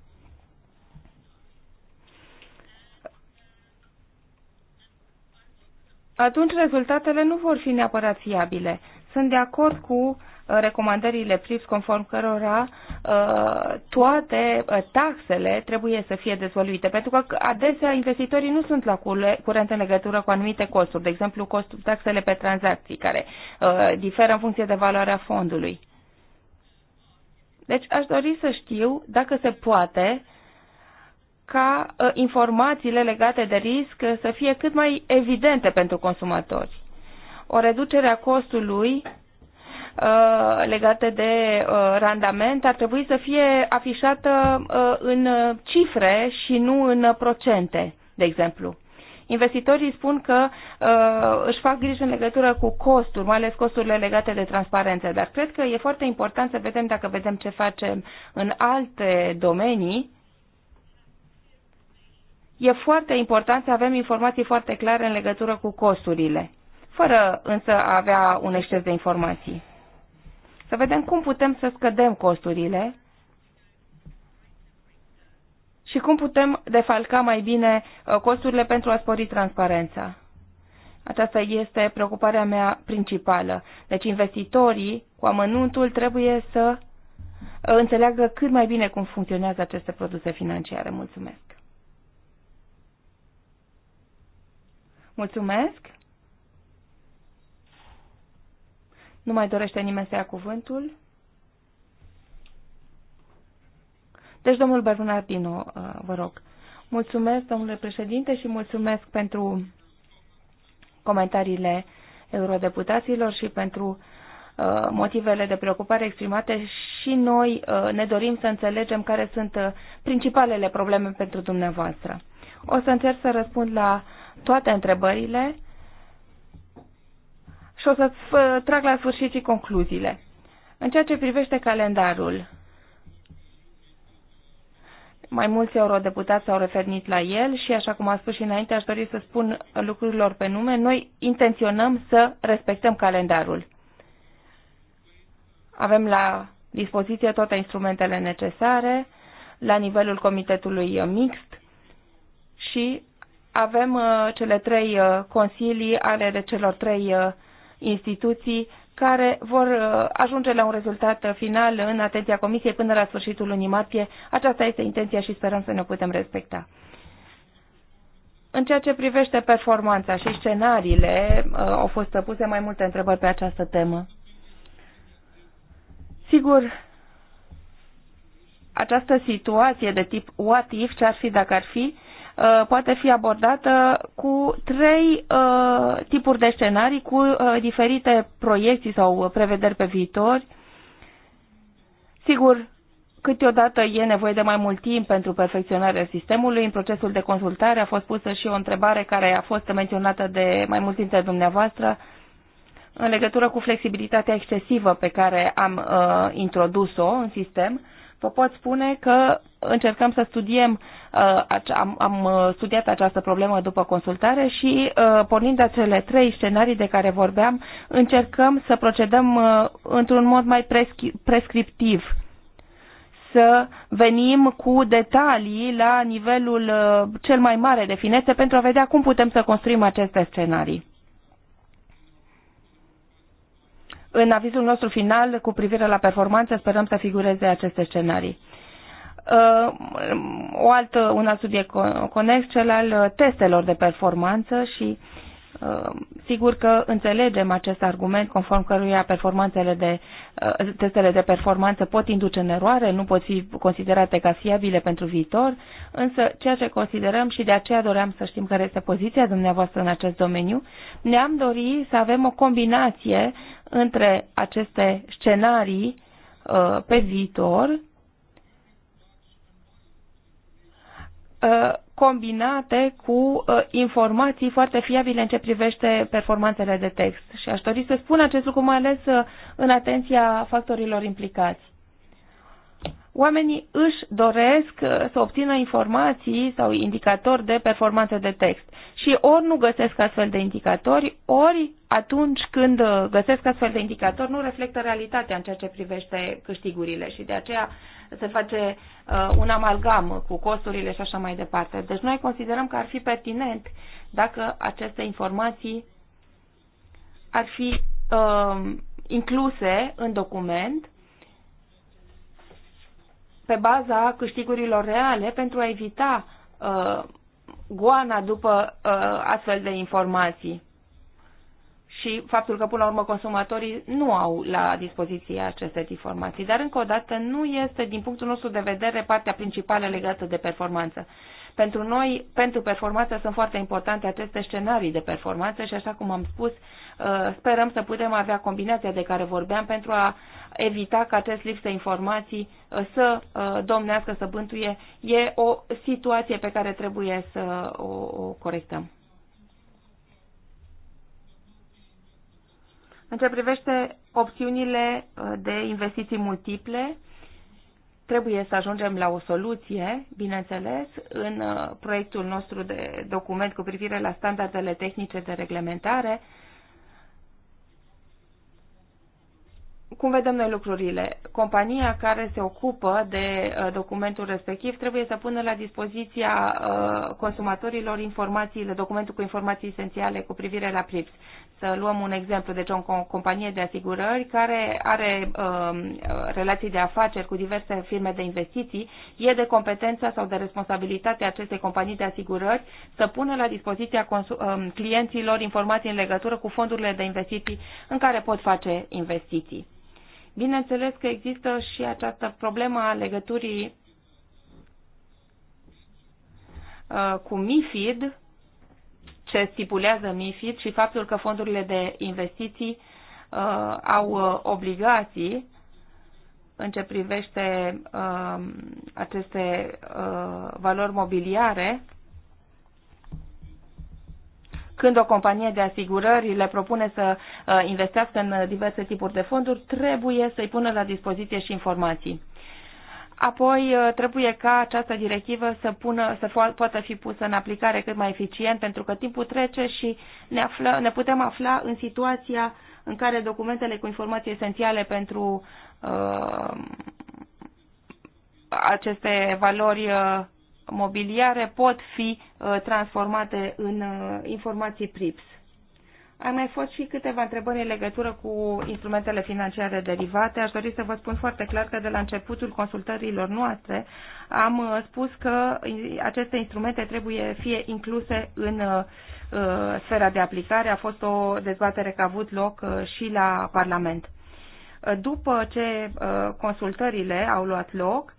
S1: atunci rezultatele nu vor fi neapărat fiabile. Sunt de acord cu uh, recomandările PRIPS conform cărora uh, toate uh, taxele trebuie să fie dezvoluite, pentru că adesea investitorii nu sunt la curent în legătură cu anumite costuri, de exemplu costul, taxele pe tranzacții, care diferă în funcție de valoarea fondului. Deci aș dori să știu dacă se poate ca ă, informațiile legate de risc ă, să fie cât mai evidente pentru consumatori. O reducere a costului ă, legate de randament ar trebui să fie afișată în cifre și nu în procente, de exemplu. Investitorii spun că uh, își fac griji în legătură cu costuri, mai ales costurile legate de transparență, dar cred că e foarte important să vedem dacă vedem ce facem în alte domenii, e foarte important să avem informații foarte clare în legătură cu costurile, fără însă a avea un exces de informații. Să vedem cum putem să scădem costurile și cum putem defalca mai bine uh, costurile pentru a spori transparența. Aceasta este preocuparea mea principală. Deci investitorii cu amănuntul trebuie să uh, înțeleagă cât mai bine cum funcționează aceste produse financiare. Mulțumesc! Mulțumesc. Nu mai dorește nimeni să ia cuvântul. Deci, domnul Bernardino, uh, vă rog. Mulțumesc, domnule președinte, și mulțumesc pentru comentariile eurodeputaților și pentru uh, motivele de preocupare exprimate și noi uh, ne dorim să înțelegem care sunt principalele probleme pentru dumneavoastră. O să încerc să răspund la toate întrebările și o să trag la sfârșit și concluziile. În ceea ce privește calendarul, mai mulți eurodeputați s-au referit la el și, așa cum am spus și înainte, aș dori să spun lucrurilor pe nume. Noi intenționăm să respectăm calendarul. Avem la dispoziție toate instrumentele necesare la nivelul comitetului mixt și avem uh, cele trei uh, consilii ale celor trei uh, instituții care vor ajunge la un rezultat final în atenția Comisiei până la sfârșitul lunii martie. Aceasta este intenția și sperăm să ne putem respecta. În ceea ce privește performanța și scenariile, au fost puse mai multe întrebări pe această temă. Sigur, această situație de tip what if, ce ar fi dacă ar fi, Uh, poate fi abordată cu trei uh, tipuri de scenarii, cu uh, diferite proiecții sau prevederi pe viitor. Sigur, câteodată e nevoie de mai mult timp pentru perfecționarea sistemului. În procesul de consultare a fost pusă și o întrebare care a fost menționată de mai mulți dintre dumneavoastră în legătură cu flexibilitatea excesivă pe care am uh, introdus-o în sistem. Uh, vă pot spune că încercăm să studiem, uh, am, uh, studiat această problemă după consultare și uh, pornind de cele trei scenarii de care vorbeam, încercăm să procedăm într-un mod mai prescriptiv să venim cu detalii la nivelul cel mai mare de finețe pentru a vedea cum putem să construim aceste scenarii. În avizul nostru final cu privire la performanță sperăm să figureze aceste scenarii. Uh, o altă, un alt subiect conex, cel al uh, testelor de performanță și uh, Uh, sigur că înțelegem acest argument conform căruia performanțele de, uh, testele de performanță pot induce în eroare, nu pot fi considerate ca fiabile pentru viitor, însă ceea ce considerăm și de aceea doream să știm care este poziția dumneavoastră în acest domeniu, ne-am dorit să avem o combinație între aceste scenarii uh, pe viitor combinate cu uh, informații foarte fiabile în ce privește performanțele de text. Și aș dori să spun acest lucru mai ales uh, în atenția factorilor implicați. Oamenii își doresc uh, să obțină informații sau indicatori de performanță de text și ori nu găsesc astfel de indicatori, ori atunci când găsesc astfel de indicatori nu reflectă realitatea în ceea ce privește câștigurile și de aceea uh, se face uh, un amalgam cu costurile și așa mai departe. Deci noi considerăm că ar fi pertinent dacă aceste informații ar fi uh, incluse în document pe baza câștigurilor reale pentru a evita uh, goana după uh, astfel de informații și faptul că, până la urmă, consumatorii nu au la dispoziție aceste informații. Dar, încă o dată, nu este, din punctul nostru de vedere, partea principală legată de performanță. Pentru noi, pentru performanță, sunt foarte importante aceste scenarii de performanță și, așa cum am spus, uh, sperăm să putem avea combinația de care vorbeam pentru a evita ca acest lipsă informații uh, să uh, domnească, să bântuie. E o situație pe care trebuie să o corectăm. În ce privește opțiunile uh, de investiții multiple, trebuie să ajungem la o soluție, bineînțeles, în uh, proiectul nostru de document cu privire la standardele tehnice de reglementare, cum vedem noi lucrurile? Compania care se ocupă de uh, documentul respectiv trebuie să pună la dispoziția uh, consumatorilor informațiile, documentul cu informații esențiale cu privire la PRIPS. Să luăm un exemplu, deci o companie de asigurări care are um, relații de afaceri cu diverse firme de investiții, e de competența sau de responsabilitatea acestei companii de asigurări să pună la dispoziția um, clienților informații în legătură cu fondurile de investiții în care pot face investiții. Bineînțeles că există și această problemă a legăturii uh, cu MIFID, ce stipulează MIFID și faptul că fondurile de investiții uh, au uh, obligații în ce privește uh, aceste uh, valori mobiliare când o companie de asigurări le propune să uh, investească în diverse tipuri de fonduri, trebuie să-i pună la dispoziție și informații. Apoi uh, trebuie ca această directivă să, pună, să poată fi pusă în aplicare cât mai eficient, pentru că timpul trece și ne, află, ne putem afla în situația în care documentele cu informații esențiale pentru uh, aceste valori uh, mobiliare pot fi uh, transformate în uh, informații PRIPS. Am mai fost și câteva întrebări în legătură cu instrumentele financiare derivate. Aș dori să vă spun foarte clar că de la începutul consultărilor noastre am uh, spus că aceste instrumente trebuie fie incluse în sfera de aplicare. A fost o dezbatere care a avut loc și la Parlament. După ce consultările au luat loc,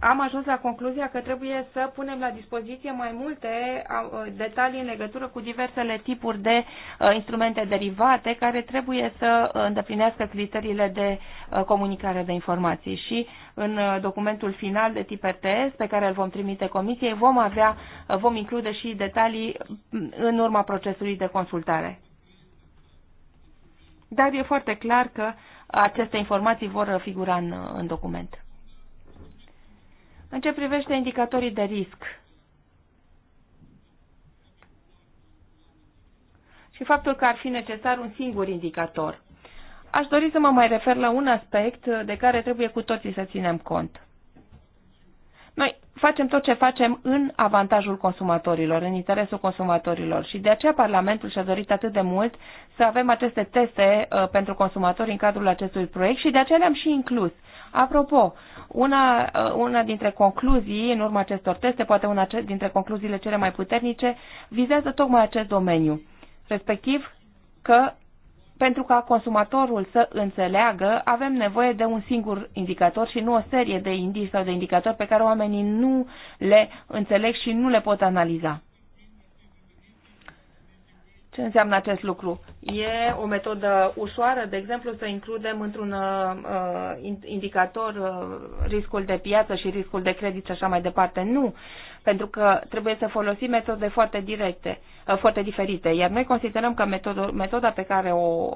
S1: am ajuns la concluzia că trebuie să punem la dispoziție mai multe uh, detalii în legătură cu diversele tipuri de uh, instrumente derivate care trebuie să uh, îndeplinească criteriile de comunicare de informații și în documentul final de tip RTS pe care îl vom trimite comisiei vom avea, vom include și detalii mm, în urma procesului de consultare. Dar e foarte clar că aceste informații vor figura în, în document. În ce privește indicatorii de risc și faptul că ar fi necesar un singur indicator, aș dori să mă mai refer la un aspect de care trebuie cu toții să ținem cont. Noi facem tot ce facem în avantajul consumatorilor, în interesul consumatorilor și de aceea Parlamentul și-a dorit atât de mult să avem aceste teste uh, pentru consumatori în cadrul acestui proiect și de aceea le-am și inclus. Apropo, una, uh, una dintre concluzii, în urma acestor teste, poate una dintre concluziile cele mai puternice, vizează tocmai acest domeniu, respectiv că pentru ca consumatorul să înțeleagă, avem nevoie de un singur indicator și nu o serie de indici sau de indicatori pe care oamenii nu le înțeleg și nu le pot analiza. Ce înseamnă acest lucru? E o metodă ușoară, de exemplu, să includem într-un uh, uh indicator uh, riscul de piață și riscul de credit și așa mai departe. Nu, pentru că trebuie să folosim metode foarte directe, uh, foarte diferite. Iar noi considerăm că metodul, metoda pe care o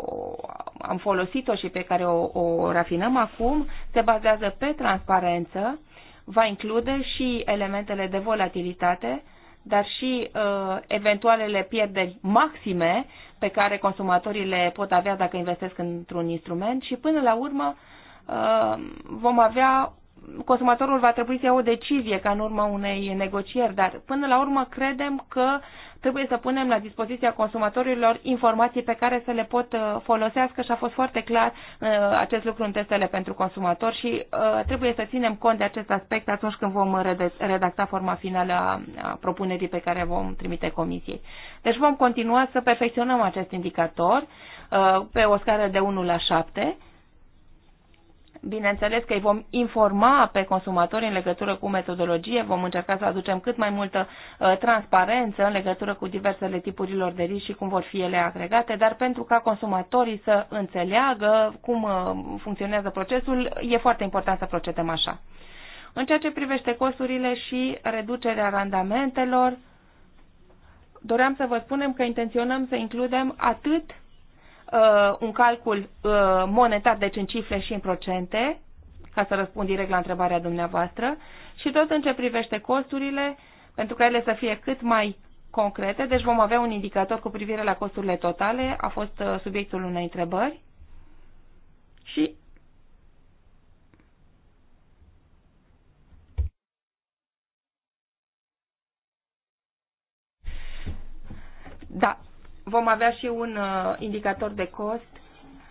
S1: am folosit-o și pe care o, o rafinăm acum se bazează pe transparență, va include și elementele de volatilitate, uh, dar și uh, eventualele pierderi maxime pe care consumatorii le pot avea dacă investesc într-un instrument și până la urmă uh, vom avea consumatorul va trebui să ia o decizie ca în urma unei negocieri, dar până la urmă credem că trebuie să punem la dispoziția consumatorilor informații pe care să le pot uh, folosească și a fost foarte clar uh, acest lucru în testele pentru consumatori și uh, trebuie să ținem cont de acest aspect atunci când vom redacta forma finală a propunerii pe care vom trimite comisiei. Deci vom continua să perfecționăm acest indicator pe o scară de 1 la 7 Bineînțeles că îi vom informa pe consumatori în legătură cu metodologie, vom încerca să aducem cât mai multă uh, transparență în legătură cu diversele tipurilor de risc și cum vor fi ele agregate, dar pentru ca consumatorii să înțeleagă cum uh, funcționează procesul, e foarte important să procedăm așa. În ceea ce privește costurile și reducerea randamentelor, doream să vă spunem că intenționăm să includem atât uh, un calcul uh, monetar, deci în cifre și în procente, ca să răspund direct la întrebarea dumneavoastră, și tot în ce privește costurile, pentru ca ele să fie cât mai concrete, deci vom avea un indicator cu privire la costurile totale, a fost uh, subiectul unei întrebări. Și Da, vom avea și un uh, indicator de cost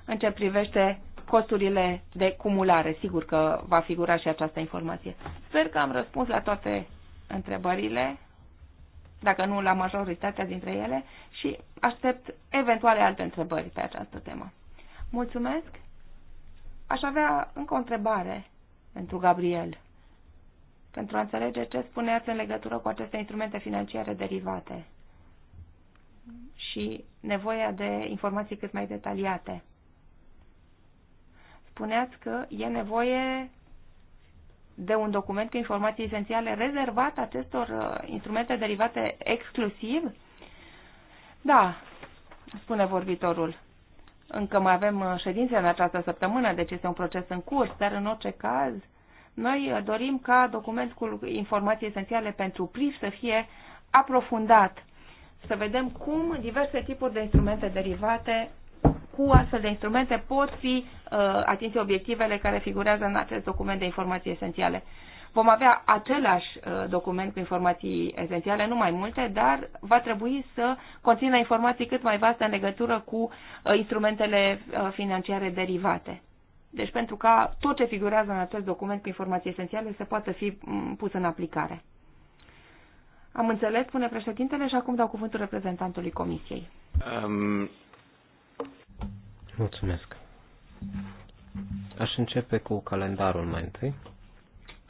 S1: în ce privește costurile de cumulare. Sigur că va figura și această informație. Sper că am răspuns la toate întrebările, dacă nu la majoritatea dintre ele, și aștept eventuale alte întrebări pe această temă. Mulțumesc! Aș avea încă o întrebare pentru Gabriel, pentru a înțelege ce spuneați în legătură cu aceste instrumente financiare derivate și nevoia de informații cât mai detaliate. Spuneați că e nevoie de un document cu informații esențiale rezervat acestor uh, instrumente derivate exclusiv? Da, spune vorbitorul. Încă mai avem uh, ședințe în această săptămână, deci este un proces în curs, dar în orice caz, noi uh, dorim ca documentul cu informații esențiale pentru PRIF să fie aprofundat să vedem cum diverse tipuri de instrumente derivate cu astfel de instrumente pot fi uh, atinse obiectivele care figurează în acest document de informații esențiale. Vom avea același uh, document cu informații esențiale, nu mai multe, dar va trebui să conțină informații cât mai vaste în legătură cu uh, instrumentele uh, financiare derivate. Deci pentru ca tot ce figurează în acest document cu informații esențiale să poată fi mm, pus în aplicare. Am înțeles, spune președintele, și acum dau cuvântul reprezentantului comisiei.
S2: Um, mulțumesc. Aș începe cu calendarul mai întâi.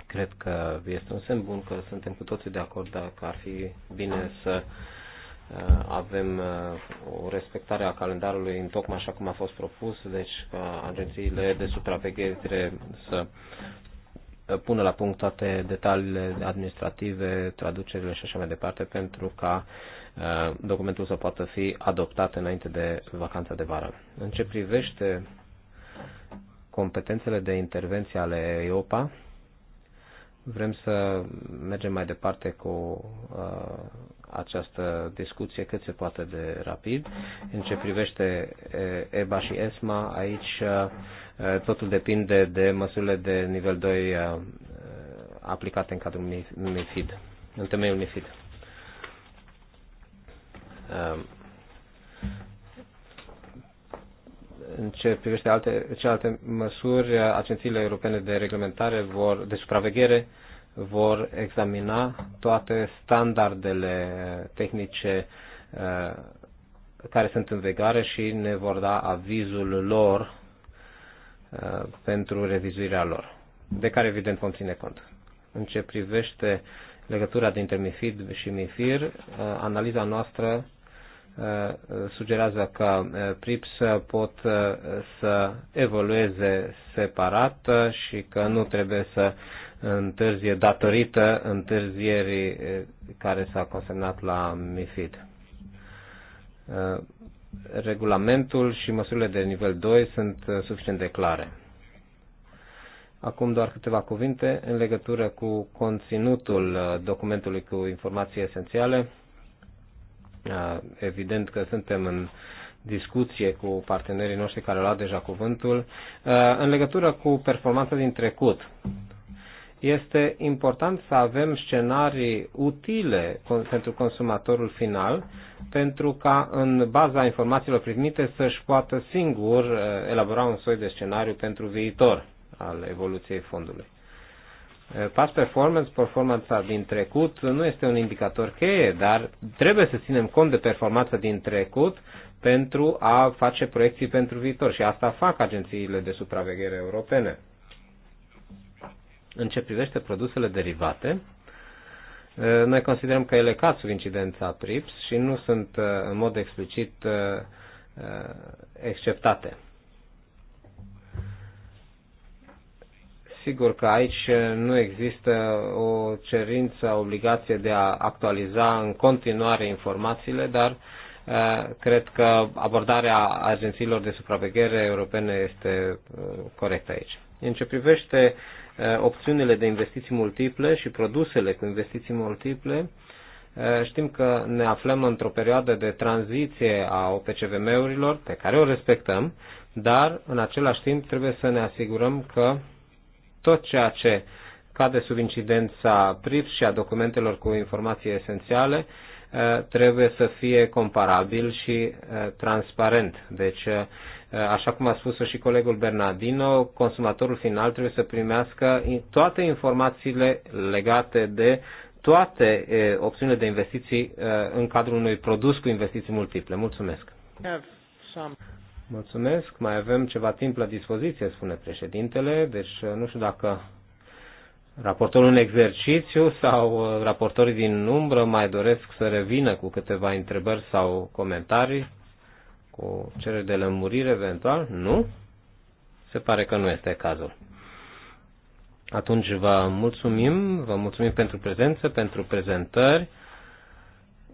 S2: Cred că este un semn bun că suntem cu toții de acord dacă ar fi bine să uh, avem uh, o respectare a calendarului în tocmai așa cum a fost propus, deci ca agențiile de supraveghere să pună la punct toate detaliile administrative, traducerile și așa mai departe, pentru ca uh, documentul să poată fi adoptat înainte de vacanța de vară. În ce privește competențele de intervenție ale EOPA, vrem să mergem mai departe cu uh, această discuție cât se poate de rapid. În ce privește uh, EBA și ESMA, aici uh, Eh, totul depinde de măsurile de nivel 2 eh, aplicate în cadrul MIFID, în temeiul MIFID. Ehm, în ce privește alte, celelalte măsuri, eh, agențiile europene de reglementare vor, de supraveghere vor examina toate standardele tehnice care sunt în vegare și ne vor da avizul lor Uh, pentru revizuirea lor, de care evident vom ține cont. În ce privește legătura dintre MIFID și MIFIR, uh, analiza noastră uh, sugerează că PRIPS pot să evolueze separat și că nu trebuie să întârzie datorită întârzierii care s-a consemnat la MIFID regulamentul și măsurile de nivel 2 sunt uh, suficient de clare. Acum doar câteva cuvinte în legătură cu conținutul uh, documentului cu informații esențiale. Uh, evident că suntem în discuție cu partenerii noștri care au luat deja cuvântul. În legătură cu performanța din trecut, este important să avem scenarii utile pentru consumatorul final, pentru ca în baza informațiilor primite să-și poată singur uh, elabora un soi de scenariu pentru viitor al evoluției fondului. Uh, past performance, performanța din trecut, nu este un indicator cheie, dar trebuie să ținem cont de performanța din trecut pentru a face proiecții pentru viitor și asta fac agențiile de supraveghere europene. În ce privește produsele derivate, noi considerăm că ele cad sub incidența TRIPS și nu sunt uh, în mod explicit uh, uh, exceptate. Sigur că aici nu există o cerință, obligație de a actualiza în continuare informațiile, dar cred că abordarea agențiilor de supraveghere europene este corectă aici. În ce privește Eh, opțiunile de investiții multiple și produsele cu investiții multiple. Eh, știm că ne aflăm într-o perioadă de tranziție a OPCVM-urilor, pe care o respectăm, dar în același timp trebuie să ne asigurăm că tot ceea ce cade sub incidența PRIPS și a documentelor cu informații esențiale eh, trebuie să fie comparabil și transparent. Deci Eh, așa cum a spus-o și colegul Bernardino, consumatorul final trebuie să primească toate informațiile legate de toate eh, opțiunile de investiții eh, în cadrul unui produs cu investiții multiple. Mulțumesc! Mulțumesc, mai avem ceva timp la dispoziție, spune președintele, deci nu știu dacă raportorul în exercițiu sau raportorii din umbră mai doresc să revină cu câteva întrebări sau comentarii o cerere de lămurire eventual? Nu? Se pare că nu este cazul. Atunci vă mulțumim, vă mulțumim pentru prezență, pentru prezentări,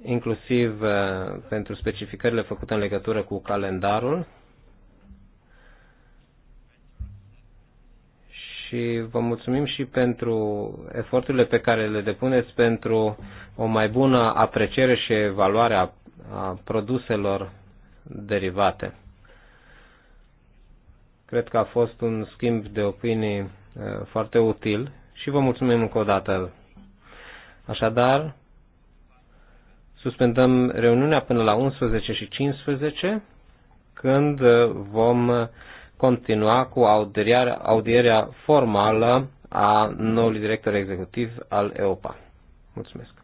S2: inclusiv eh, pentru specificările făcute în legătură cu calendarul. și vă mulțumim și pentru eforturile pe care le depuneți pentru o mai bună apreciere și evaluare a produselor derivate. Cred că a fost un schimb de opinii uh, foarte util și vă mulțumim încă o dată. Așadar, suspendăm reuniunea până la 11 și 15, când uh, vom continua cu audierea, audierea formală a noului director executiv al EOPA. Mulțumesc!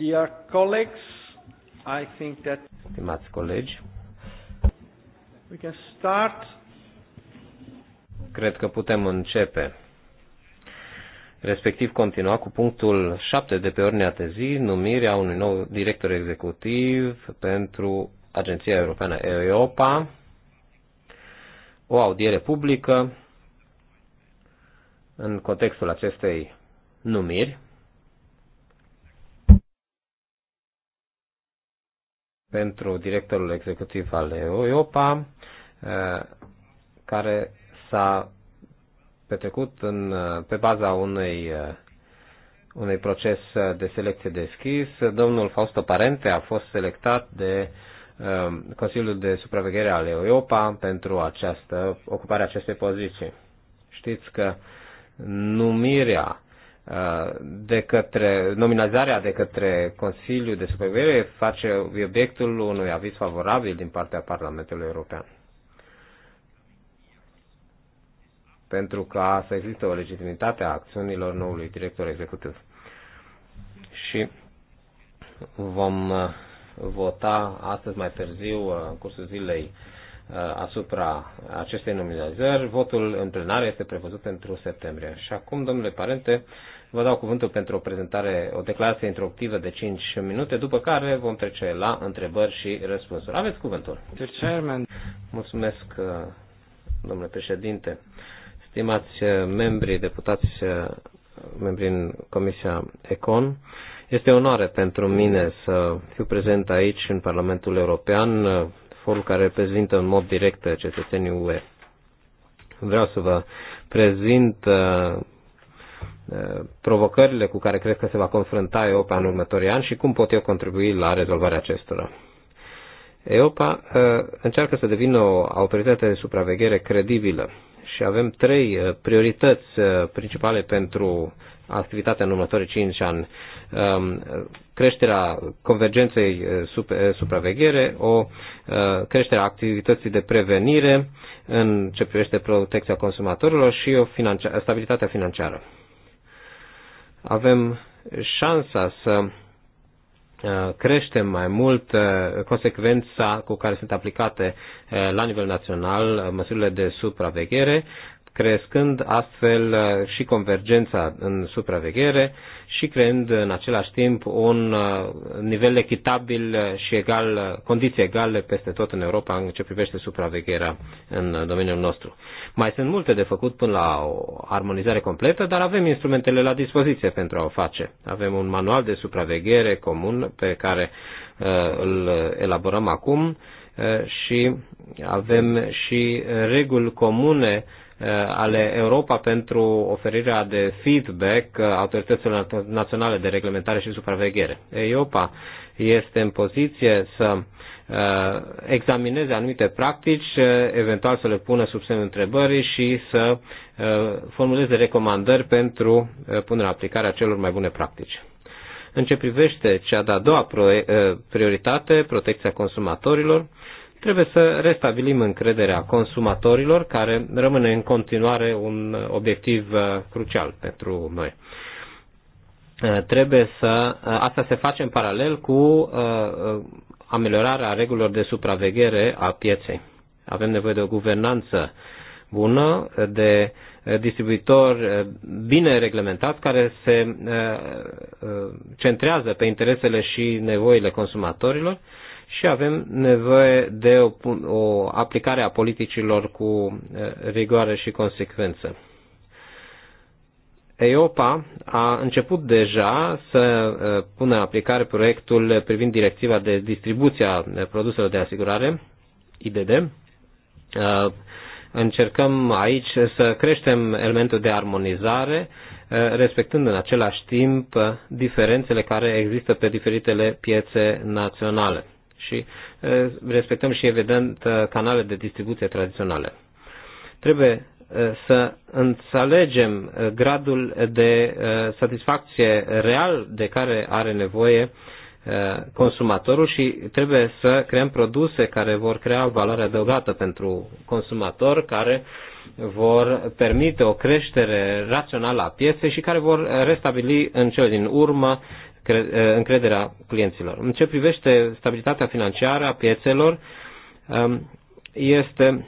S3: Dear colleagues, I think that
S2: Stimați colegi,
S3: we can start.
S2: Cred că putem începe. Respectiv continua cu punctul 7 de pe ordinea de zi, numirea unui nou director executiv pentru Agenția Europeană Europa, o audiere publică în contextul acestei numiri pentru directorul executiv al EOPA, eh, care s-a petrecut în, eh, pe baza unei, eh, unui proces de selecție deschis. Domnul Fausto Parente a fost selectat de Consiliul de Supraveghere al EOPA pentru această, ocuparea acestei poziții. Știți că numirea de către, nominalizarea de către Consiliul de Supraveghere face obiectul unui aviz favorabil din partea Parlamentului European. Pentru ca să existe o legitimitate a acțiunilor noului director executiv. Și vom uh, vota astăzi mai târziu, uh, în cursul zilei, uh, asupra acestei nominalizări. Votul în plenare este prevăzut pentru septembrie. Și acum, domnule Parente, Vă dau cuvântul pentru o prezentare, o declarație introductivă de 5 minute, după care vom trece la întrebări și răspunsuri. Aveți cuvântul. Mulțumesc, uh, domnule președinte. Stimați uh, membri, deputați, uh, membri în Comisia Econ, este o onoare pentru mine să fiu prezent aici, în Parlamentul European, forul care reprezintă în mod direct cetățenii UE. Vreau să vă prezint Eh, provocările cu care cred că se va confrunta EOPA în următorii ani și cum pot eu contribui la rezolvarea acestora. EOPA eh, încearcă să devină o autoritate de supraveghere credibilă și avem trei eh, priorități principale pentru activitatea în următorii 5 ani. Ehm, creșterea convergenței supraveghere, o creșterea activității de prevenire în ce privește protecția consumatorilor și o financi- stabilitatea financiară avem șansa să uh, creștem mai mult uh, consecvența cu care sunt aplicate uh, la nivel național măsurile de supraveghere, crescând astfel uh, și convergența în supraveghere și creând în același timp un uh, nivel echitabil uh, și egal, condiții egale peste tot în Europa în ce privește supravegherea în domeniul nostru. Mai sunt multe de făcut până la o armonizare completă, dar avem instrumentele la dispoziție pentru a o face. Avem un manual de supraveghere comun pe care îl elaborăm acum și avem și reguli comune Eh, ale Europa pentru oferirea de feedback eh, autorităților naționale de reglementare și supraveghere. EIOPA este în poziție să eh, examineze anumite practici, eventual să le pună sub semnul întrebării și să formuleze recomandări pentru punerea aplicarea celor mai bune practici. În ce privește cea de-a doua prioritate, protecția consumatorilor, Trebuie să restabilim încrederea consumatorilor, care rămâne în continuare un obiectiv uh, crucial pentru noi uh, trebuie să, uh, asta se face în paralel cu ameliorarea regulilor de supraveghere a pieței. Avem nevoie de o guvernanță bună, de distribuitor bine reglementat care se centrează pe interesele și nevoile consumatorilor și avem nevoie de o, o aplicare a politicilor cu rigoare și consecvență. EOPA a început deja să pună în aplicare proiectul privind directiva de distribuție a produselor de asigurare, IDD. Încercăm aici să creștem elementul de armonizare, respectând în același timp diferențele care există pe diferitele piețe naționale și respectăm și, evident, canale de distribuție tradiționale. Trebuie să înțelegem gradul de satisfacție real de care are nevoie consumatorul și trebuie să creăm produse care vor crea valoare adăugată pentru consumator, care vor permite o creștere rațională a pieței și care vor restabili în cele din urmă Eh, încrederea clienților. În ce privește stabilitatea financiară a piețelor, um, este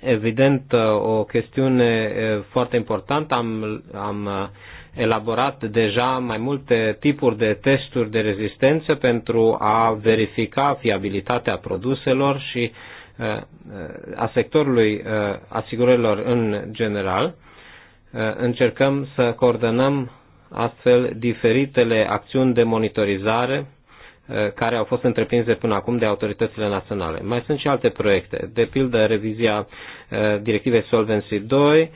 S2: evident uh, o chestiune eh, foarte importantă. Am, am uh, elaborat deja mai multe tipuri de testuri de rezistență pentru a verifica fiabilitatea produselor și eh, a sectorului asigurărilor în general. Încercăm să coordonăm astfel diferitele acțiuni de monitorizare eh, care au fost întreprinse până acum de autoritățile naționale. Mai sunt și alte proiecte, de pildă revizia eh, directivei Solvency 2,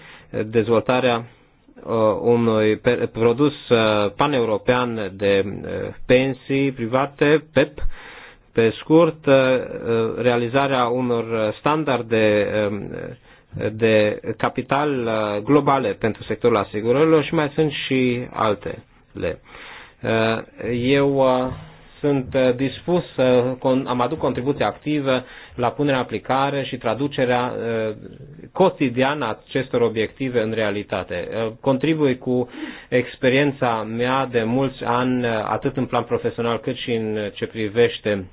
S2: dezvoltarea eh, unui produs paneuropean de pensii private, PEP, pe scurt, realizarea unor standarde de capital uh, globale pentru sectorul asigurărilor și mai sunt și altele. Uh, eu uh, sunt dispus să am aduc contribuție activă la punerea aplicare și traducerea cotidiană a acestor obiective în realitate. Contribui cu experiența mea de mulți ani, atât în plan profesional cât și în ce privește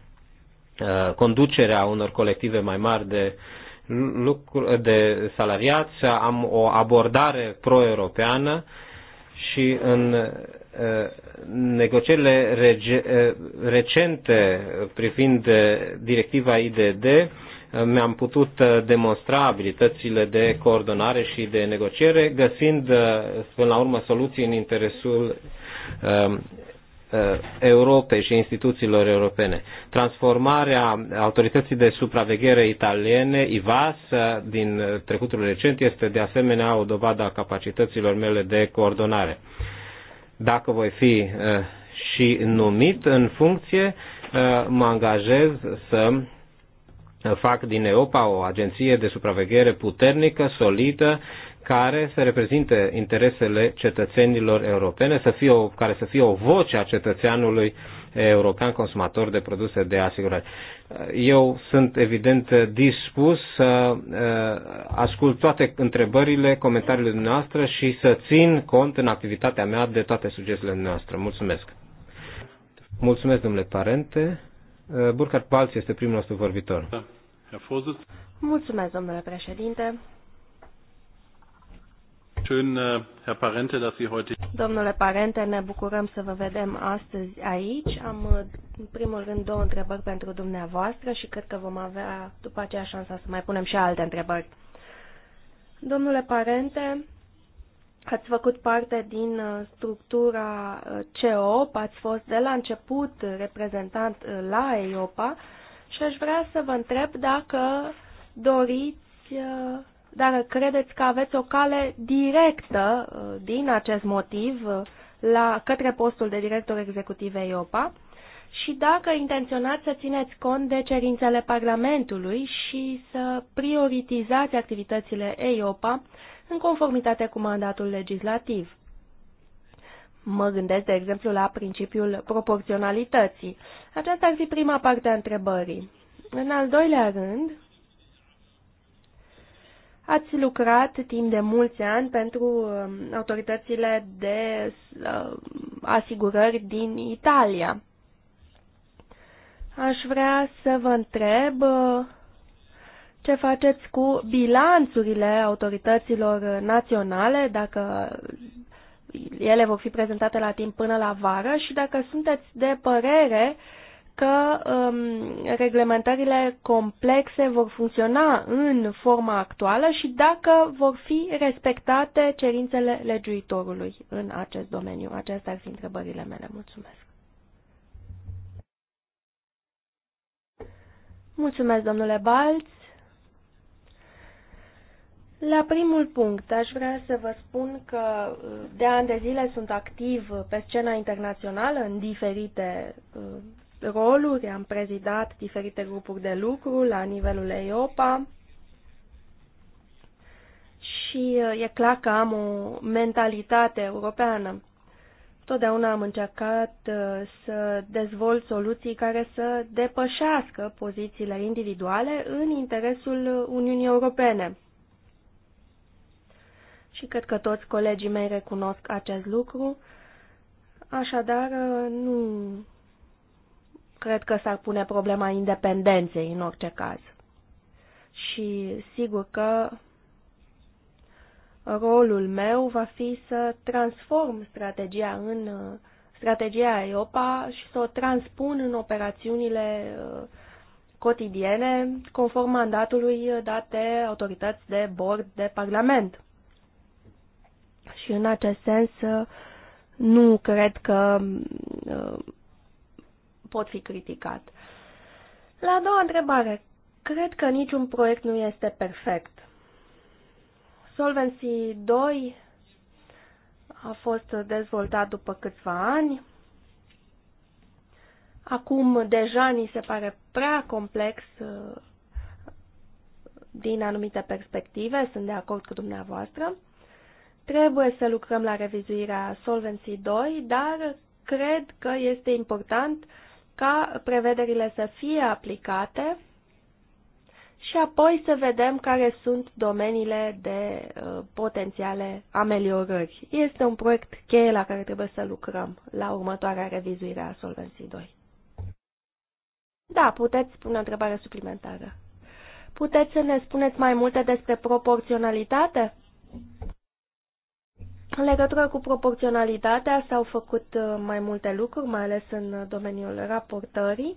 S2: conducerea unor colective mai mari de uh, lucru, de salariat, să am o abordare pro-europeană și în negocierile recente privind directiva IDD mi-am putut demonstra abilitățile de coordonare și de negociere, găsind până la urmă soluții în interesul Uh, Europei și instituțiilor europene. Transformarea autorității de supraveghere italiene, IVAS, uh, din trecutul recent, este de asemenea o dovadă a capacităților mele de coordonare. Dacă voi fi uh, și numit în funcție, mă angajez să fac din EOPA o agenție de supraveghere puternică, solidă, care să reprezinte interesele cetățenilor europene, să fie o, care să fie o voce a cetățeanului european consumator de produse de asigurare. Eu sunt evident dispus să uh, ascult toate întrebările, comentariile noastre și să țin cont în activitatea mea de toate sugestiile noastre. Mulțumesc! Mulțumesc, domnule Parente. Uh, Burkhard Palț este primul nostru vorbitor. Da.
S3: Mulțumesc, domnule președinte.
S2: Schön, äh, Herr Parente, dass Sie heute...
S3: Domnule Parente, ne bucurăm să vă vedem astăzi aici. Am, uh, în primul rând, două întrebări pentru dumneavoastră și cred că vom avea după aceea șansa să mai punem și alte întrebări. Domnule Parente, ați făcut parte din uh, structura uh, CEOP, ați fost de la început reprezentant la EIOPA și aș vrea să vă întreb dacă doriți dacă credeți că aveți o cale directă uh, din acest motiv uh, la, către postul de director executiv EIOPA și dacă intenționați să țineți cont de cerințele Parlamentului și să prioritizați activitățile EIOPA în conformitate cu mandatul legislativ. Mă gândesc, de exemplu, la principiul proporționalității. Aceasta ar fi prima parte a întrebării. În al doilea rând, Ați lucrat timp de mulți ani pentru um, autoritățile de uh, asigurări din Italia. Aș vrea să vă întreb uh, ce faceți cu bilanțurile autorităților naționale, dacă ele vor fi prezentate la timp până la vară și dacă sunteți de părere că um, reglementările complexe vor funcționa în forma actuală și dacă vor fi respectate cerințele legiuitorului în acest domeniu. Acestea ar fi întrebările mele. Mulțumesc. Mulțumesc, domnule Balț. La primul punct, aș vrea să vă spun că uh, de ani de zile sunt activ pe scena internațională în diferite uh, roluri, am prezidat diferite grupuri de lucru la nivelul EIOPA și uh, e clar că am o mentalitate europeană. Totdeauna am încercat uh, să dezvolt soluții care să depășească pozițiile individuale în interesul Uniunii Europene. Și cred că toți colegii mei recunosc acest lucru. Așadar, uh, nu Cred că s-ar pune problema independenței în orice caz. Și sigur că rolul meu va fi să transform strategia în strategia EOPA și să o transpun în operațiunile uh, cotidiene conform mandatului dat de autorități de bord de parlament. Și în acest sens uh, nu cred că uh, pot fi criticat. La a doua întrebare, cred că niciun proiect nu este perfect. Solvency 2 a fost dezvoltat după câțiva ani. Acum deja ni se pare prea complex uh, din anumite perspective, sunt de acord cu dumneavoastră. Trebuie să lucrăm la revizuirea Solvency 2, dar cred că este important uh, ca prevederile să fie aplicate și apoi să vedem care sunt domeniile de uh, potențiale ameliorări. Este un proiect cheie la care trebuie să lucrăm la următoarea revizuire a solvenții 2. Da, puteți pune o întrebare suplimentară. Puteți să ne spuneți mai multe despre proporționalitate? În legătură cu proporționalitatea s-au făcut uh, mai multe lucruri, mai ales în uh, domeniul raportării.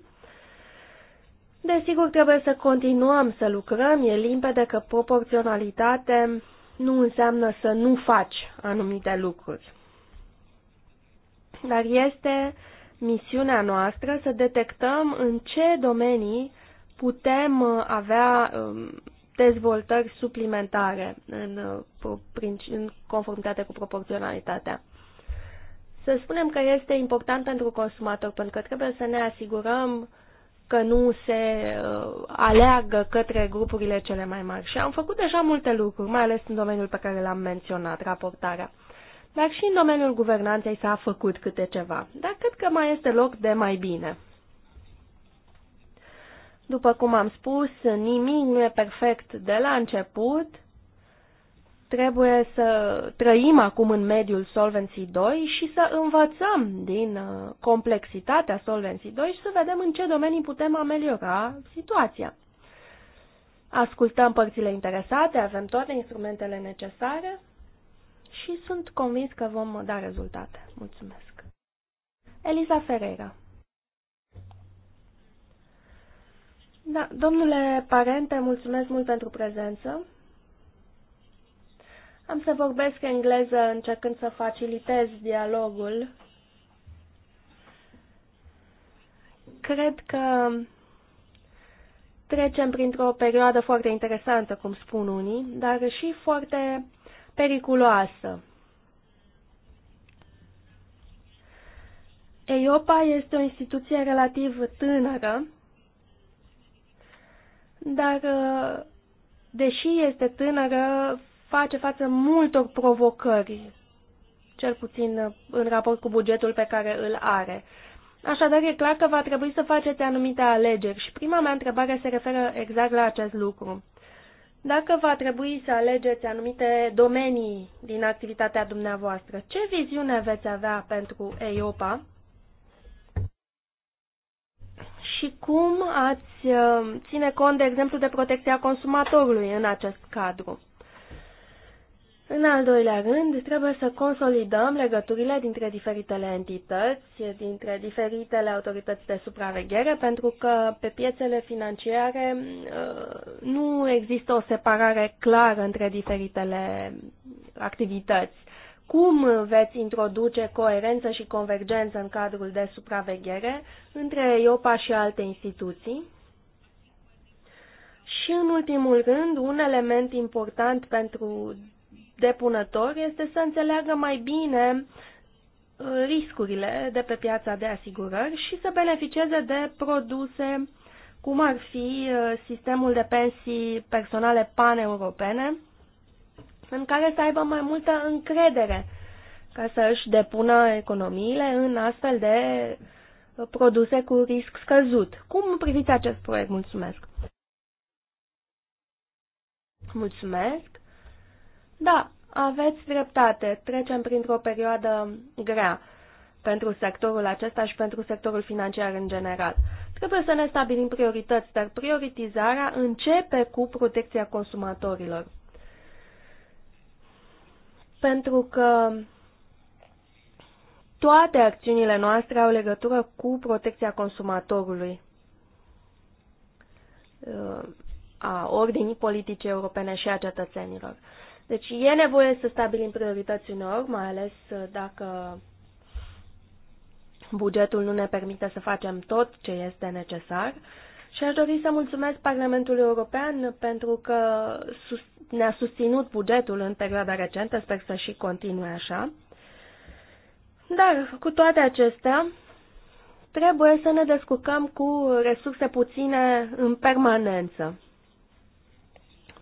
S3: Desigur, trebuie să continuăm să lucrăm. E limpede că proporționalitate nu înseamnă să nu faci anumite lucruri. Dar este misiunea noastră să detectăm în ce domenii putem uh, avea um, dezvoltări suplimentare în, uh, în conformitate cu proporționalitatea. Să spunem că este important pentru consumator, pentru că trebuie să ne asigurăm că nu se uh, către grupurile cele mai mari. Și am făcut deja multe lucruri, mai ales în domeniul pe care l-am menționat, raportarea. Dar și în domeniul guvernanței s-a făcut câte ceva. Dar cred că mai este loc de mai bine. După cum am spus, nimic nu e perfect de la început. Trebuie să trăim acum în mediul Solvency 2 și să învățăm din uh, complexitatea Solvency 2 și să vedem în ce domenii putem ameliora situația. Ascultăm părțile interesate, avem toate instrumentele necesare și sunt convins că vom da rezultate.
S1: Mulțumesc!
S3: Elisa Ferreira Da, domnule Parente, mulțumesc mult pentru prezență. Am să vorbesc engleză încercând să facilitez dialogul. Cred că trecem printr-o perioadă foarte interesantă, cum spun unii, dar și foarte periculoasă. EIOPA este o instituție relativ tânără dar uh, deși este tânără, face față multor provocări, cel puțin uh, în raport cu bugetul pe care îl are. Așadar, e clar că va trebui să faceți anumite alegeri și prima mea întrebare se referă exact la acest lucru. Dacă va trebui să alegeți anumite domenii din activitatea dumneavoastră, ce viziune veți avea pentru EIOPA și cum ați uh, ține cont, de exemplu, de protecția consumatorului în acest cadru. În al doilea rând, trebuie să consolidăm legăturile dintre diferitele entități, dintre diferitele autorități de supraveghere, pentru că pe piețele financiare uh, nu există o separare clară între diferitele activități cum veți introduce coerență și convergență în cadrul de supraveghere între IOPA și alte instituții? Și, în ultimul rând, un element important pentru depunători este să înțeleagă mai bine uh, riscurile de pe piața de asigurări și să beneficieze de produse cum ar fi uh, sistemul de pensii personale paneuropene, europene în care să aibă mai multă încredere ca să își depună economiile în astfel de produse cu risc scăzut. Cum priviți acest proiect? Mulțumesc! Mulțumesc! Da, aveți dreptate. Trecem printr-o perioadă grea pentru sectorul acesta și pentru sectorul financiar în general. Trebuie să ne stabilim priorități, dar prioritizarea începe cu protecția consumatorilor pentru că toate acțiunile noastre au legătură cu protecția consumatorului uh, a ordinii politice europene și a cetățenilor. Deci e nevoie să stabilim priorități uneori, mai ales uh, dacă bugetul nu ne permite să facem tot ce este necesar. Și aș dori să mulțumesc Parlamentului European pentru că susține ne-a susținut bugetul în perioada recentă, sper să și continue așa. Dar, cu toate acestea, trebuie să ne descurcăm cu resurse puține în permanență,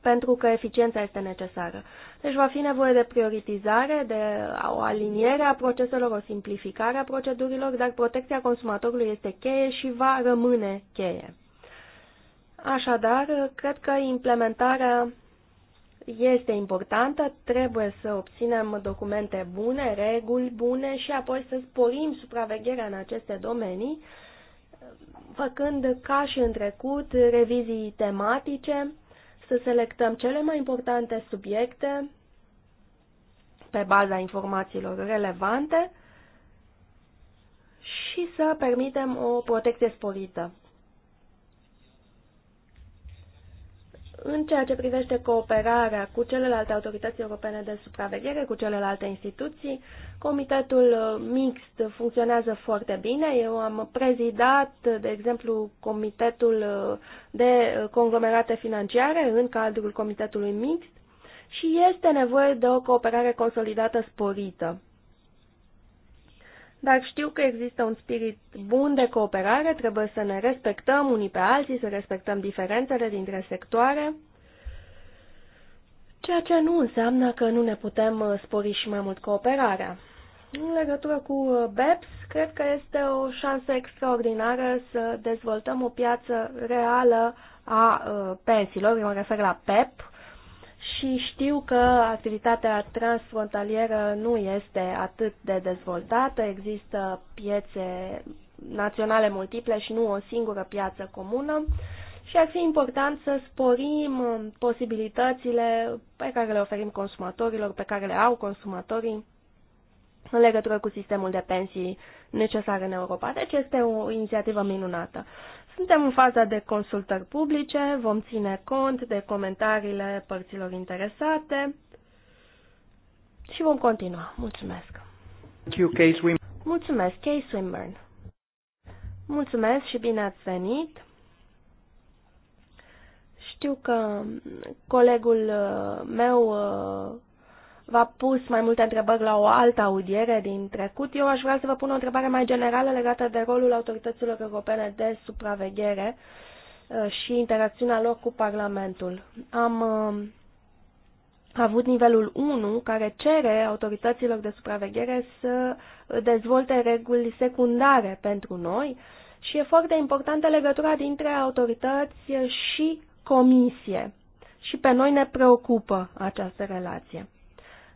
S3: pentru că eficiența este necesară. Deci va fi nevoie de prioritizare, de o aliniere a proceselor, o simplificare a procedurilor, dar protecția consumatorului este cheie și va rămâne cheie. Așadar, cred că implementarea este importantă, trebuie să obținem documente bune, reguli bune și apoi să sporim supravegherea în aceste domenii, făcând ca și în trecut revizii tematice, să selectăm cele mai importante subiecte pe baza informațiilor relevante și să permitem o protecție sporită. În ceea ce privește cooperarea cu celelalte autorități europene de supraveghere, cu celelalte instituții, comitetul mixt funcționează foarte bine. Eu am prezidat, de exemplu, comitetul de conglomerate financiare în cadrul comitetului mixt și este nevoie de o cooperare consolidată sporită dar știu că există un spirit bun de cooperare, trebuie să ne respectăm unii pe alții, să respectăm diferențele dintre sectoare, ceea ce nu înseamnă că nu ne putem uh, spori și mai mult cooperarea. În legătură cu uh, BEPS, cred că este o șansă extraordinară să dezvoltăm o piață reală a uh, pensiilor, eu mă refer la PEP, și știu că activitatea transfrontalieră nu este atât de dezvoltată, există piețe naționale multiple și nu o singură piață comună și ar fi important să sporim um, posibilitățile pe care le oferim consumatorilor, pe care le au consumatorii în legătură cu sistemul de pensii necesar în Europa. Deci este o inițiativă minunată. Suntem în faza de consultări publice, vom ține cont de comentariile părților interesate și vom continua. Mulțumesc! Mulțumesc, Kay Swinburne! Mulțumesc și bine ați venit! Știu că colegul uh, meu uh, v-a pus mai multe întrebări la o altă audiere din trecut. Eu aș vrea să vă pun o întrebare mai generală legată de rolul autorităților europene de supraveghere uh, și interacțiunea lor cu Parlamentul. Am uh, avut nivelul 1 care cere autorităților de supraveghere să dezvolte reguli secundare pentru noi și e foarte importantă legătura dintre autorități și comisie. Și pe noi ne preocupă această relație.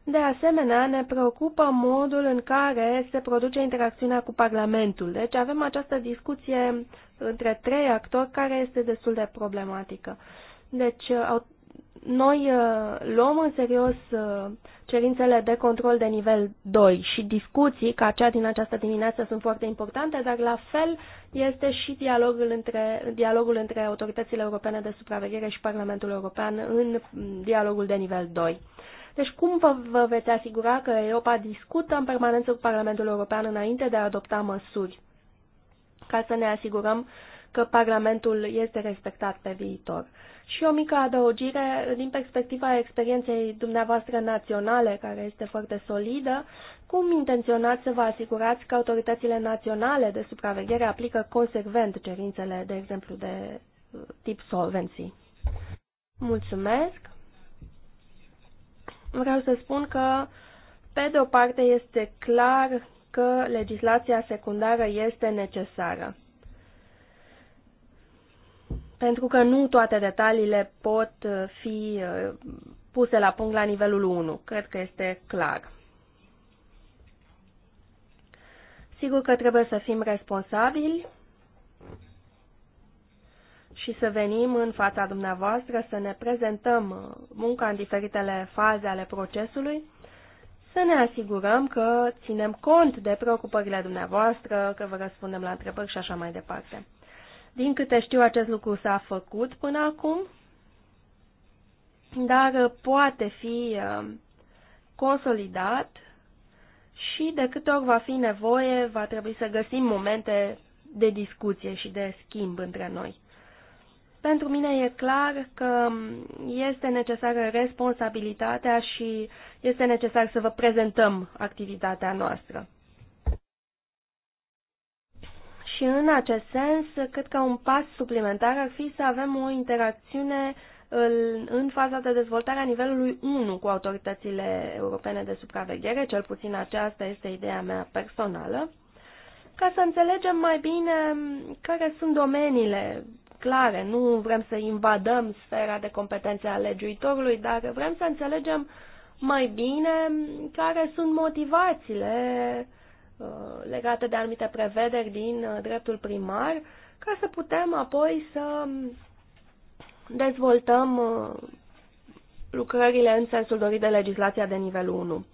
S3: De asemenea, ne preocupă modul în care se produce interacțiunea cu Parlamentul. Deci avem această discuție între trei actori care este destul de problematică. Deci uh, noi uh, luăm în serios uh, cerințele de control de nivel 2 și discuții ca cea din această dimineață sunt foarte importante, dar la fel este și dialogul între, dialogul între autoritățile europene de supraveghere și Parlamentul European în mm, dialogul de nivel 2. Deci cum vă, vă veți asigura că Europa discută în permanență cu Parlamentul European înainte de a adopta măsuri ca să ne asigurăm că Parlamentul este respectat pe viitor? Și o mică adăugire din perspectiva experienței dumneavoastră naționale, care este foarte solidă, cum intenționați să vă asigurați că autoritățile naționale de supraveghere aplică consecvent cerințele, de exemplu, de uh, tip solvency? Mulțumesc! Vreau să spun că, pe de o parte, este clar că legislația secundară este necesară. Pentru că nu toate detaliile pot fi uh, puse la punct la nivelul 1. Cred că este clar. Sigur că trebuie să fim responsabili și să venim în fața dumneavoastră, să ne prezentăm uh, munca în diferitele faze ale procesului, să ne asigurăm că ținem cont de preocupările dumneavoastră, că vă răspundem la întrebări și așa mai departe. Din câte știu, acest lucru s-a făcut până acum, dar uh, poate fi uh, consolidat și de câte ori va fi nevoie, va trebui să găsim momente de discuție și de schimb între noi. Pentru mine e clar că este necesară responsabilitatea și este necesar să vă prezentăm activitatea noastră. Și în acest sens, cred că un pas suplimentar ar fi să avem o interacțiune în faza de dezvoltare a nivelului 1 cu autoritățile europene de supraveghere, cel puțin aceasta este ideea mea personală, ca să înțelegem mai bine care sunt domeniile clare. Nu vrem să invadăm sfera de competențe a legiuitorului, dar vrem să înțelegem mai bine care sunt motivațiile uh, legate de anumite prevederi din uh, dreptul primar, ca să putem apoi să um, dezvoltăm uh, lucrările în sensul dorit de legislația de nivel 1.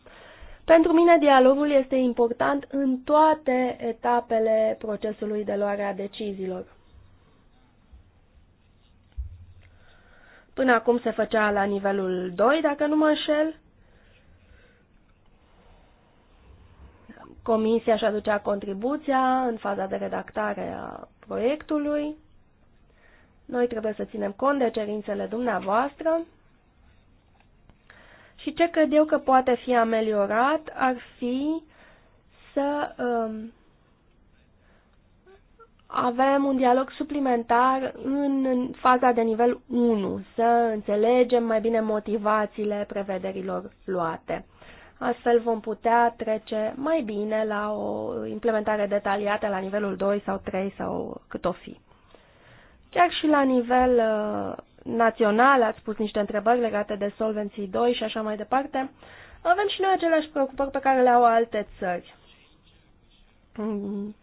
S3: Pentru mine, dialogul este important în toate etapele procesului de luare a deciziilor. Până acum se făcea la nivelul 2, dacă nu mă înșel. Comisia își aducea contribuția în faza de redactare a proiectului. Noi trebuie să ținem cont de cerințele dumneavoastră. Și ce cred eu că poate fi ameliorat ar fi să um, avem un dialog suplimentar în faza de nivel 1, să înțelegem mai bine motivațiile prevederilor luate. Astfel vom putea trece mai bine la o implementare detaliată la nivelul 2 sau 3 sau cât o fi. Chiar și la nivel uh, național, ați pus niște întrebări legate de Solvency 2 și așa mai departe, avem și noi aceleași preocupări pe care le au alte țări mm,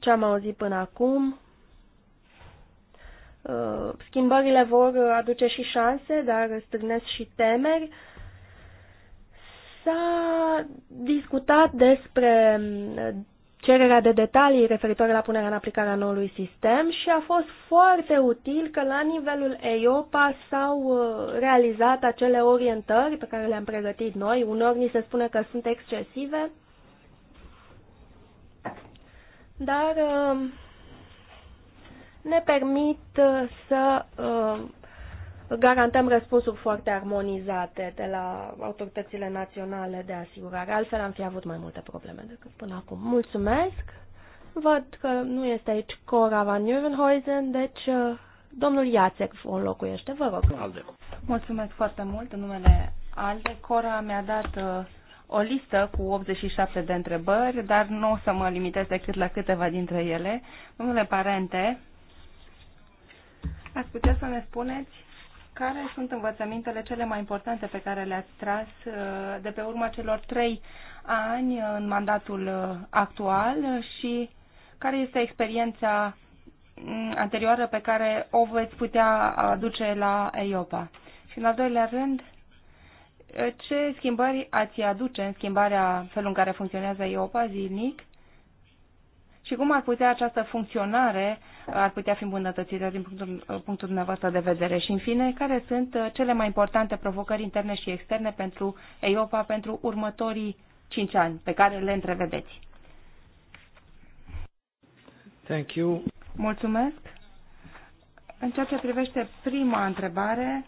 S3: ce am auzit până acum. Uh, schimbările vor aduce și șanse, dar strânesc și temeri. S-a discutat despre uh, cererea de detalii referitoare la punerea în aplicare a noului sistem și a fost foarte util că la nivelul EIOPA s-au uh, realizat acele orientări pe care le-am pregătit noi. unor ni se spune că sunt excesive, dar um, ne permit uh, să um, garantăm răspunsuri foarte armonizate de la autoritățile naționale de asigurare. Altfel am fi avut mai multe probleme decât până acum. Mulțumesc! Văd că nu este aici Cora Van Nieuwenhuizen, deci uh, domnul Iacek o înlocuiește. Vă rog. Alde.
S1: Mulțumesc foarte mult în numele Alde. Cora mi-a dat uh, o listă cu 87 de întrebări, dar nu o să mă limitez decât la câteva dintre ele. Domnule Parente, ați putea să ne spuneți care sunt învățămintele cele mai importante pe care le-ați tras uh, de pe urma celor trei ani în mandatul uh, actual și care este experiența mm, anterioară pe care o veți putea aduce la EIOPA? Și în al doilea rând, ce schimbări ați aduce în schimbarea felul în care funcționează EOPA zilnic și cum ar putea această funcționare uh, ar putea fi îmbunătățită din punctul, uh, punctul dumneavoastră de vedere și, în fine, care sunt uh, cele mai importante provocări interne și externe pentru EIOPA pentru următorii 5 ani pe care le întrevedeți? Thank you. Mulțumesc. În ceea ce privește prima întrebare,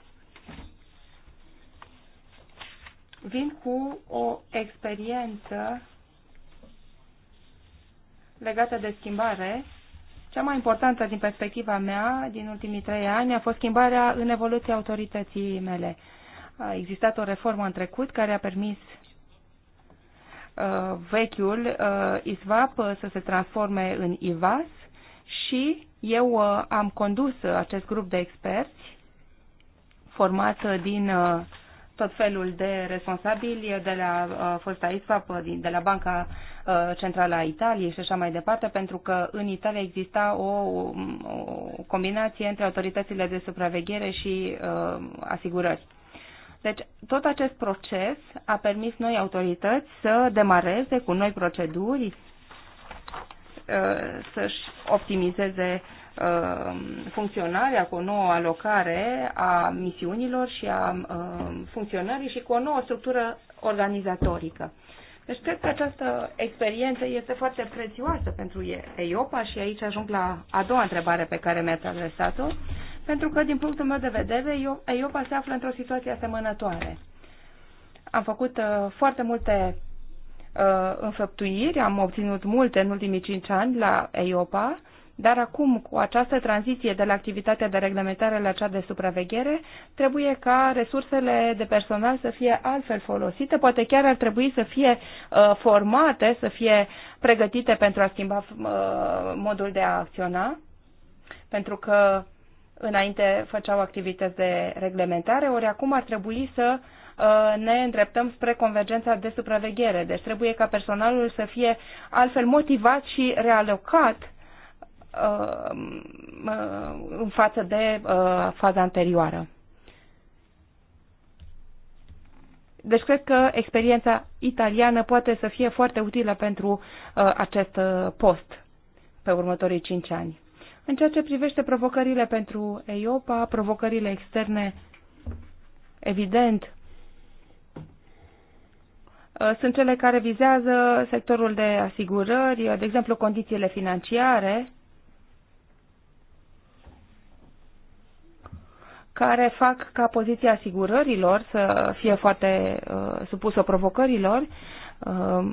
S1: vin cu o experiență legată de schimbare. Cea mai importantă din perspectiva mea din ultimii trei ani a fost schimbarea în evoluția autorității mele. A existat o reformă în trecut care a permis uh, vechiul uh, ISVAP uh, să se transforme în IVAS și eu uh, am condus acest grup de experți format uh, din uh, tot felul de responsabili de la uh, fosta ISFAP, de la Banca uh, Centrală a Italiei și așa mai departe, pentru că în Italia exista o, o combinație între autoritățile de supraveghere și uh, asigurări. Deci, tot acest proces a permis noi autorități să demareze cu noi proceduri, uh, să-și optimizeze Um, funcționarea, cu o nouă alocare a misiunilor și a um, funcționării și cu o nouă structură organizatorică. Deci cred că această experiență este foarte prețioasă pentru EIOPA și aici ajung la a doua întrebare pe care mi-ați adresat-o, pentru că din punctul meu de vedere EIOPA se află într-o situație asemănătoare. Am făcut uh, foarte multe uh, înfăptuiri, am obținut multe în ultimii cinci ani la EIOPA, dar acum, cu această tranziție de la activitatea de reglementare la cea de supraveghere, trebuie ca resursele de personal să fie altfel folosite, poate chiar ar trebui să fie uh, formate, să fie pregătite pentru a schimba uh, modul de a acționa, pentru că înainte făceau activități de reglementare, ori acum ar trebui să uh, ne îndreptăm spre convergența de supraveghere. Deci trebuie ca personalul să fie altfel motivat și realocat Uh, față de uh, faza anterioară. Deci cred că experiența italiană poate să fie foarte utilă pentru uh, acest post pe următorii cinci ani. În ceea ce privește provocările pentru EIOPA, provocările externe, evident, sunt cele care vizează sectorul de asigurări, de exemplu condițiile financiare, care fac ca poziția asigurărilor să fie foarte uh, supusă provocărilor. Uh,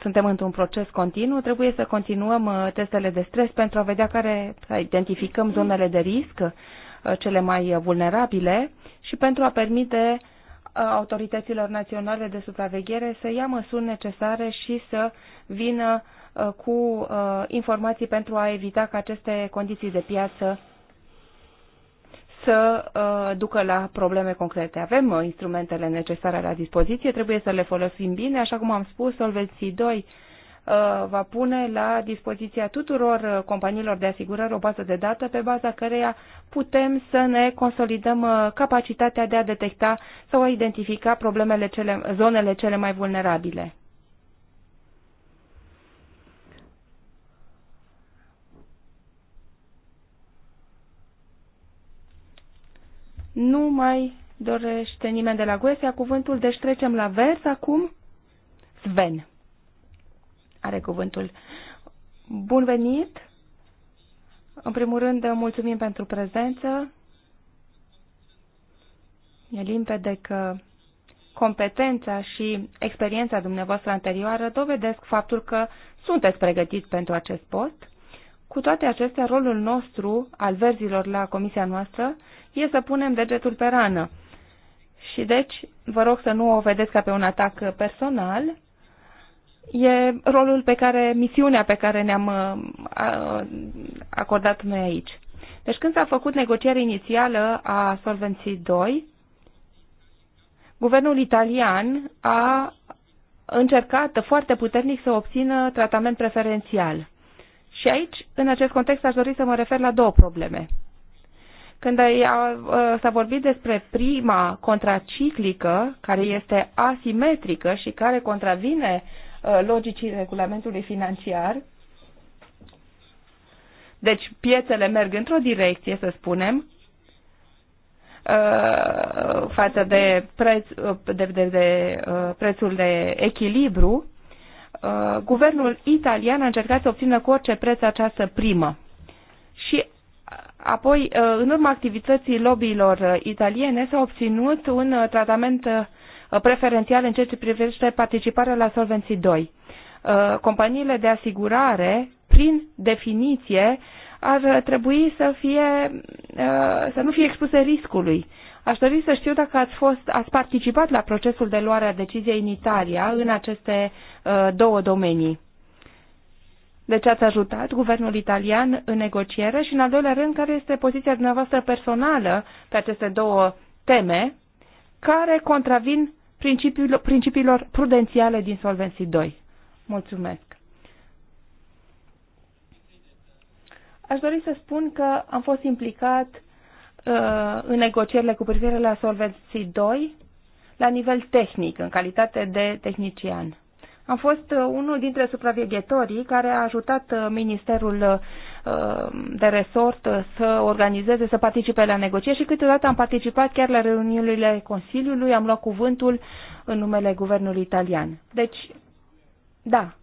S1: suntem într-un proces continuu, trebuie să continuăm uh, testele de stres pentru a vedea care, să identificăm zonele de risc, uh, cele mai vulnerabile și pentru a permite uh, autorităților naționale de supraveghere să ia măsuri necesare și să vină uh, cu uh, informații pentru a evita ca aceste condiții de piață să uh, ducă la probleme concrete. Avem uh, instrumentele necesare la dispoziție, trebuie să le folosim bine. Așa cum am spus, Solvency 2 uh, va pune la dispoziția tuturor companiilor de asigurări o bază de dată pe baza căreia putem să ne consolidăm capacitatea de a detecta sau a identifica problemele cele, zonele cele mai vulnerabile. Nu mai dorește nimeni de la Guesia cuvântul, deci trecem la vers acum. Sven are cuvântul. Bun venit! În primul rând, mulțumim pentru prezență. E limpede că competența și experiența dumneavoastră anterioară dovedesc faptul că sunteți pregătit pentru acest post. Cu toate acestea, rolul nostru al verzilor la comisia noastră e să punem degetul pe rană. Și deci, vă rog să nu o vedeți ca pe un atac personal, e rolul pe care, misiunea pe care ne-am uh, acordat noi aici. Deci când s-a făcut negocierea inițială a Solvency 2, guvernul italian a încercat foarte puternic să obțină tratament preferențial. Și aici, în acest context, aș dori să mă refer la două probleme. Când s-a vorbit despre prima contraciclică, care este asimetrică și care contravine logicii regulamentului financiar, deci piețele merg într-o direcție, să spunem, față de, preț, de, de, de prețul de echilibru, guvernul italian a încercat să obțină cu orice preț această primă. Și Apoi, uh, în urma activității lobbyilor uh, italiene, s-a obținut un uh, tratament preferențial în ceea ce privește participarea la solvenții 2. Companiile de asigurare, prin definiție, ar trebui să, fie, să nu fie expuse riscului. Aș dori să știu dacă ați, fost, ați participat la procesul de luare a deciziei în Italia în aceste două domenii. Deci ați ajutat guvernul italian în negociere și, în al doilea rând, care este poziția dumneavoastră personală pe aceste două teme care contravin principiilor, principiilor prudențiale din Solvency 2. Mulțumesc! Aș dori să spun că am fost implicat uh, în negocierile cu privire la Solvency 2 la nivel tehnic, în calitate de tehnician. Am fost uh, unul dintre supraveghetorii care a ajutat uh, Ministerul uh, de resort să organizeze, să participe la negocieri și câteodată am participat chiar la reuniunile Consiliului, am luat cuvântul în numele guvernului italian. Deci, da,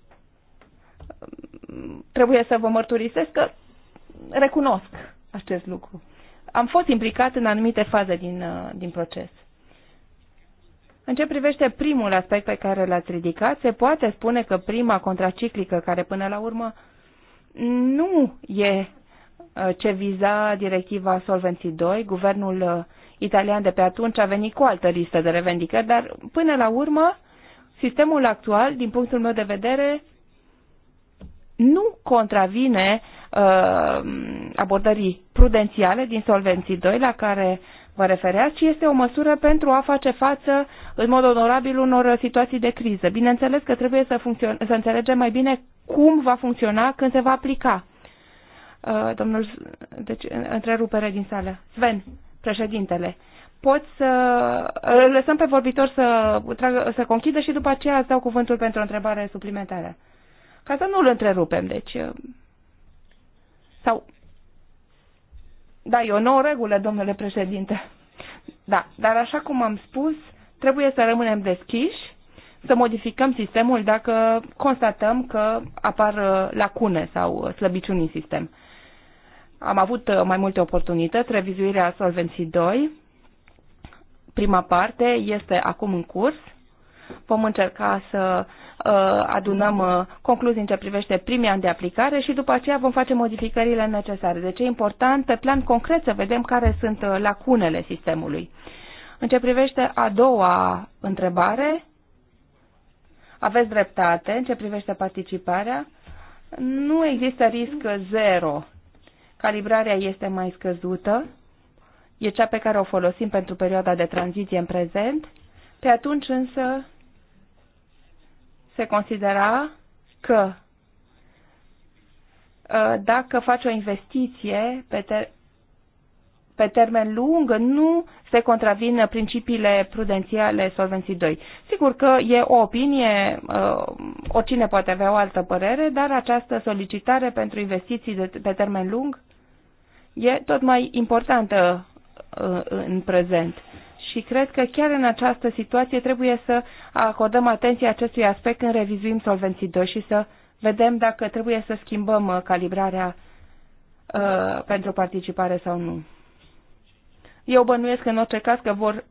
S1: trebuie să vă mărturisesc că recunosc acest lucru. Am fost implicat în anumite faze din, din proces. În ce privește primul aspect pe care l-ați ridicat, se poate spune că prima contraciclică, care până la urmă nu e uh, ce viza directiva Solvenții 2, guvernul uh, italian de pe atunci a venit cu altă listă de revendicări, dar până la urmă, sistemul actual, din punctul meu de vedere, nu contravine uh, abordării prudențiale din Solvenții 2 la care vă refereați, ci este o măsură pentru a face față în mod onorabil unor situații de criză. Bineînțeles că trebuie să, să înțelegem mai bine cum va funcționa când se va aplica. Uh, domnul, deci, întrerupere din sală. Sven, președintele, poți să lăsăm pe vorbitor să, tragă, să conchidă și după aceea îți dau cuvântul pentru o întrebare suplimentară. Ca să nu îl întrerupem, deci. Uh, sau. Da, e o nouă regulă, domnule președinte. Da, dar așa cum am spus, trebuie să rămânem deschiși, să modificăm sistemul dacă constatăm că apar uh, lacune sau uh, slăbiciuni în sistem. Am avut uh, mai multe oportunități, revizuirea Solvency 2, prima parte este acum în curs. Vom încerca să adunăm concluzii în ce privește primii ani de aplicare și după aceea vom face modificările necesare. Deci e important pe plan concret să vedem care sunt lacunele sistemului în ce privește a doua întrebare, aveți dreptate în ce privește participarea. Nu există risc zero. Calibrarea este mai scăzută. E cea pe care o folosim pentru perioada de tranziție în prezent. Pe atunci însă se considera că ă, dacă faci o investiție pe, ter- pe termen lung nu se contravin principiile prudențiale Solvency 2. Sigur că e o opinie, uh, oricine poate avea o altă părere, dar această solicitare pentru investiții de, pe termen lung e tot mai importantă uh, în prezent. Și cred că chiar în această situație trebuie să acordăm atenție acestui aspect când revizuim Solvency 2 și să vedem dacă trebuie să schimbăm uh, calibrarea pentru participare sau nu. Eu bănuiesc în orice caz că vor,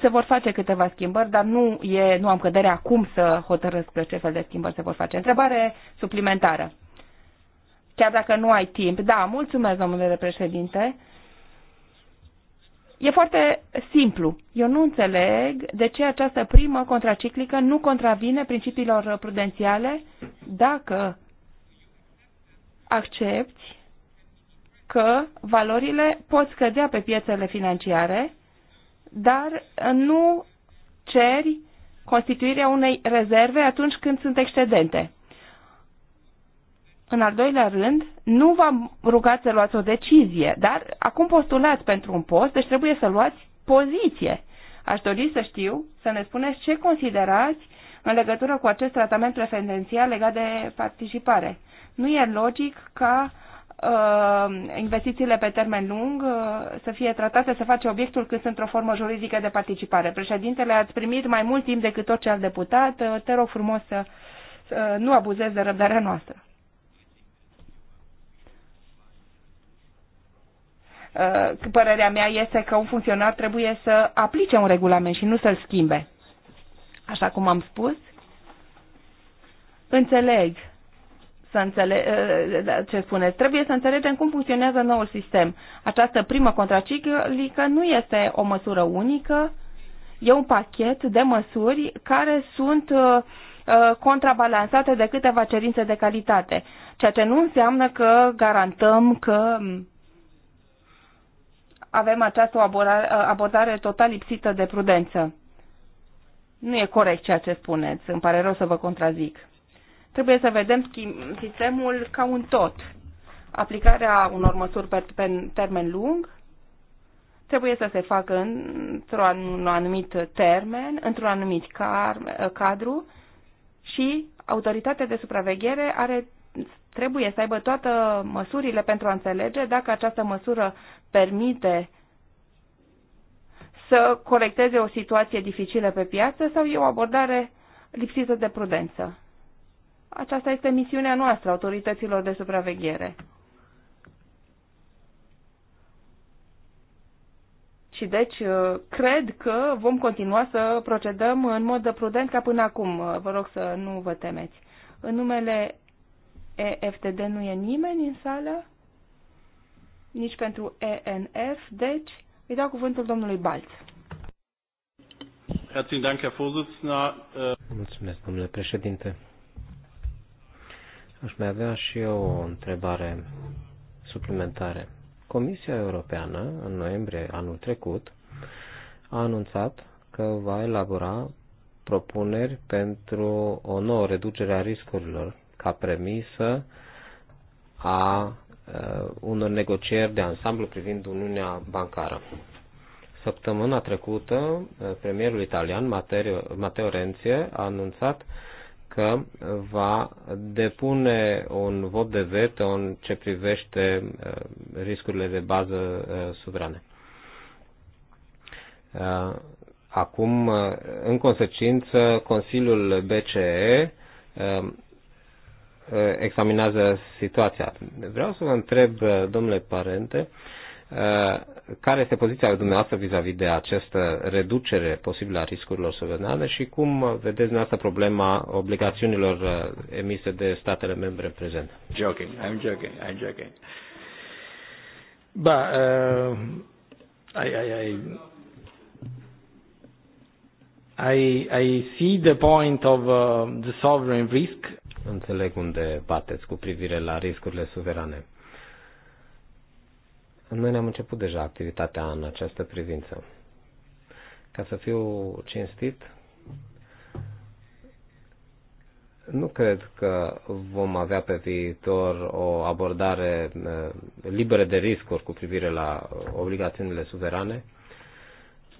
S1: se vor face câteva schimbări, dar nu, e, nu am cădere acum să hotărăsc ce fel de schimbări se vor face. Întrebare suplimentară. Chiar dacă nu ai timp. Da, mulțumesc, domnule președinte. E foarte simplu. Eu nu înțeleg de ce această primă contraciclică nu contravine principiilor prudențiale dacă accepti că valorile pot scădea pe piețele financiare, dar nu ceri constituirea unei rezerve atunci când sunt excedente. În al doilea rând, nu v-am rugat să luați o decizie, dar acum postulați pentru un post, deci trebuie să luați poziție. Aș dori să știu, să ne spuneți ce considerați în legătură cu acest tratament preferențial legat de participare. Nu e logic ca uh, Uh, investițiile pe termen lung uh, să fie tratate, să face obiectul când sunt o formă juridică de participare. Președintele, ați primit mai mult timp decât orice alt deputat. Uh, te rog frumos să, să nu abuzezi de răbdarea noastră. Părerea mea este că un funcționar trebuie să aplice un regulament și nu să-l schimbe. Așa cum am spus, înțeleg să înțele- eh, da, ce spuneți. Trebuie să înțelegem cum funcționează noul sistem. Această primă contraciclică nu este o măsură unică, e un pachet de măsuri care sunt eh, eh, contrabalansate de câteva cerințe de calitate, ceea ce nu înseamnă că garantăm că avem această abordare, total lipsită de prudență. Nu e corect ceea ce spuneți, îmi pare rău să vă contrazic. Trebuie să vedem sistemul ca un tot. Aplicarea unor măsuri pe, pe termen lung trebuie să se facă într-un anumit termen, într-un anumit car, eh, cadru și autoritatea de supraveghere are, trebuie să aibă toate măsurile pentru a înțelege dacă această măsură permite să corecteze o situație dificilă pe piață sau e o abordare lipsită de prudență. Aceasta este misiunea noastră, autorităților de supraveghere. Și deci uh, cred că vom continua să procedăm în mod prudent ca până acum. Uh, vă rog să nu vă temeți. În numele EFTD nu e nimeni în sală, nici pentru ENF, deci îi dau cuvântul domnului Balț.
S2: Mulțumesc, domnule președinte. Aș mai avea și eu o întrebare suplimentare. Comisia Europeană, în noiembrie anul trecut, a anunțat că va elabora propuneri pentru o nouă reducere a riscurilor ca premisă a unor negocieri de ansamblu privind Uniunea Bancară. Săptămâna trecută, premierul italian Matteo Renzi a anunțat că va depune un vot de veto în ce privește uh, riscurile de bază uh, suverane. Uh, acum, în consecință, Consiliul BCE examinează situația. Vreau să vă întreb, domnule parente, Uh, care este poziția dumneavoastră vis-a-vis -vis de această reducere posibilă a riscurilor suverane și cum vedeți dumneavoastră problema obligațiunilor uh, emise de statele membre în prezent? Joking, I'm joking, I'm joking. Ba, uh, I, I, I, I, I see the point of uh, the sovereign risk. Înțeleg unde bateți cu privire la riscurile suverane noi ne-am început deja activitatea în această privință. Ca să fiu cinstit, nu cred că vom avea pe viitor o abordare eh, liberă de riscuri cu privire la eh, obligațiunile suverane.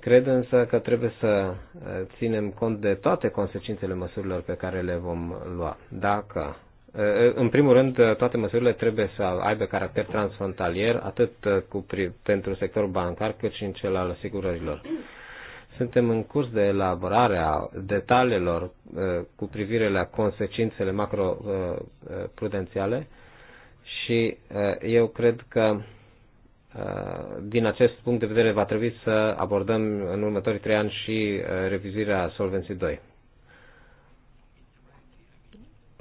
S2: Cred însă că trebuie să eh, ținem cont de toate consecințele măsurilor pe care le vom lua. Dacă în primul rând, toate măsurile trebuie să aibă caracter transfrontalier, atât uh, cu, pentru sectorul bancar, cât și în cel al asigurărilor. Suntem în curs de elaborare a detaliilor uh, cu privire la consecințele macroprudențiale uh, și eu cred că din acest punct de vedere va trebui să abordăm în următorii trei ani și revizuirea Solvency 2.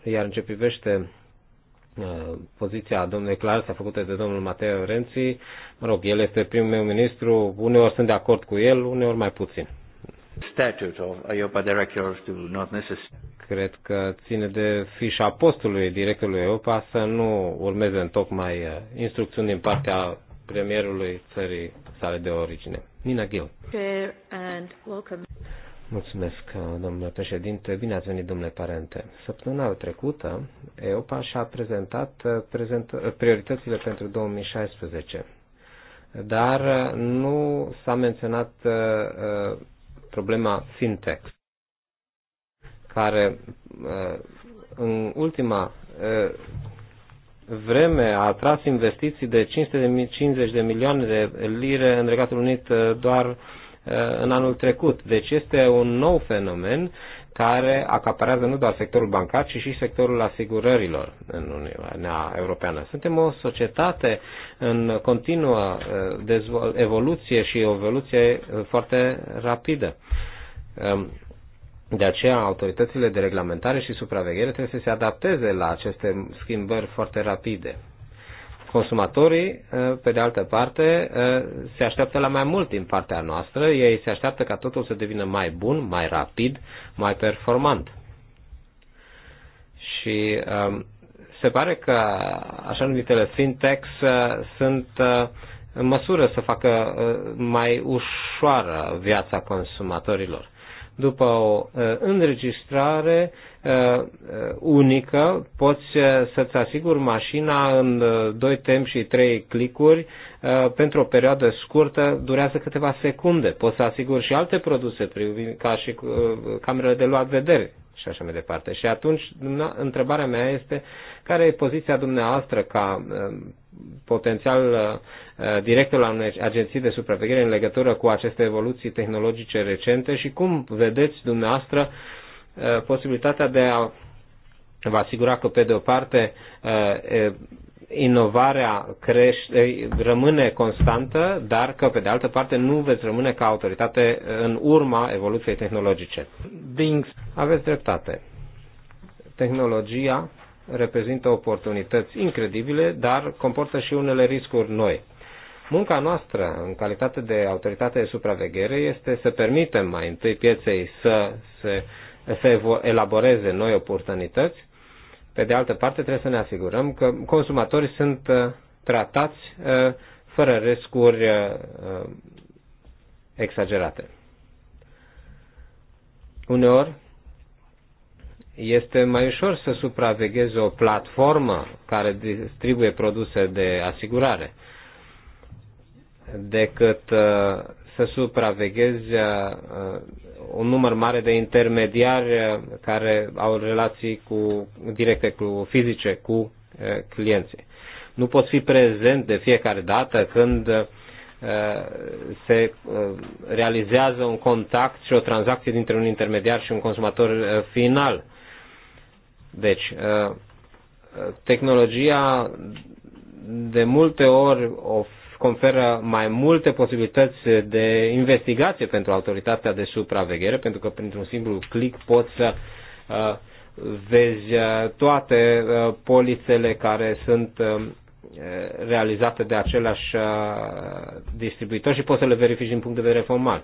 S2: Iar în ce privește uh, poziția domnului clar, a făcută de domnul Mateo Renzi, mă rog, el este primul ministru, uneori sunt de acord cu el, uneori mai puțin. Statute of directors do not necessary. Cred că ține de fișa postului directorului EIOPA să nu urmeze în tocmai uh, instrucțiuni din partea premierului țării sale de origine. Nina Gil. Mulțumesc, domnule președinte. Bine ați venit, domnule parente. Săptămâna trecută, EOPA și-a prezentat uh, prezent, uh, prioritățile pentru 2016, dar uh, nu s-a menționat uh, problema fintech, care uh, în ultima uh, vreme a atras investiții de 550 de milioane de lire în Regatul Unit doar Uh, în anul trecut. Deci este un nou fenomen care acaparează nu doar sectorul bancar, ci și sectorul asigurărilor în Uniunea Europeană. Suntem o societate în continuă uh, evoluție și o evoluție uh, foarte rapidă. Um, de aceea, autoritățile de reglementare și supraveghere trebuie să se adapteze la aceste schimbări foarte rapide. Consumatorii, ă, pe de altă parte, ă, se așteaptă la mai mult din partea noastră, ei se așteaptă ca totul să devină mai bun, mai rapid, mai performant. Și ă, se pare că așa numitele fintechs sunt în măsură să facă mai ușoară viața consumatorilor după o înregistrare unică, poți să-ți asiguri mașina în doi tempi și trei clicuri pentru o perioadă scurtă, durează câteva secunde. Poți să asiguri și alte produse, ca și camerele de luat vedere și așa mai departe. Și atunci, întrebarea mea este, care e poziția dumneavoastră ca potențial uh, uh, directul la unei agenții de supraveghere în legătură cu aceste evoluții tehnologice recente și cum vedeți dumneavoastră uh, posibilitatea de a vă asigura că, pe de o parte, inovarea crește, rămâne constantă, dar că, pe de altă parte, nu veți rămâne ca autoritate în urma evoluției tehnologice. Dings. Aveți dreptate. Tehnologia reprezintă oportunități incredibile, dar comportă și unele riscuri noi. Munca noastră, în calitate de autoritate de supraveghere, este să permitem mai întâi pieței să se să elaboreze noi oportunități. Pe de altă parte, trebuie să ne asigurăm că consumatorii sunt uh, tratați uh, fără riscuri uh, exagerate. Uneori, este mai ușor să supravegheze o platformă care distribuie produse de asigurare decât uh, să supravegheze uh, un număr mare de intermediari uh, care au relații cu, directe cu fizice cu clienții. Nu pot fi prezent de fiecare dată când se realizează un contact și o tranzacție dintre un intermediar și un consumator final deci, uh, tehnologia de multe ori conferă mai multe posibilități de investigație pentru autoritatea de supraveghere, pentru că printr-un simplu click poți să uh, vezi uh, toate polițele care sunt realizate de același distribuitor și poți să le verifici din punct de vedere formal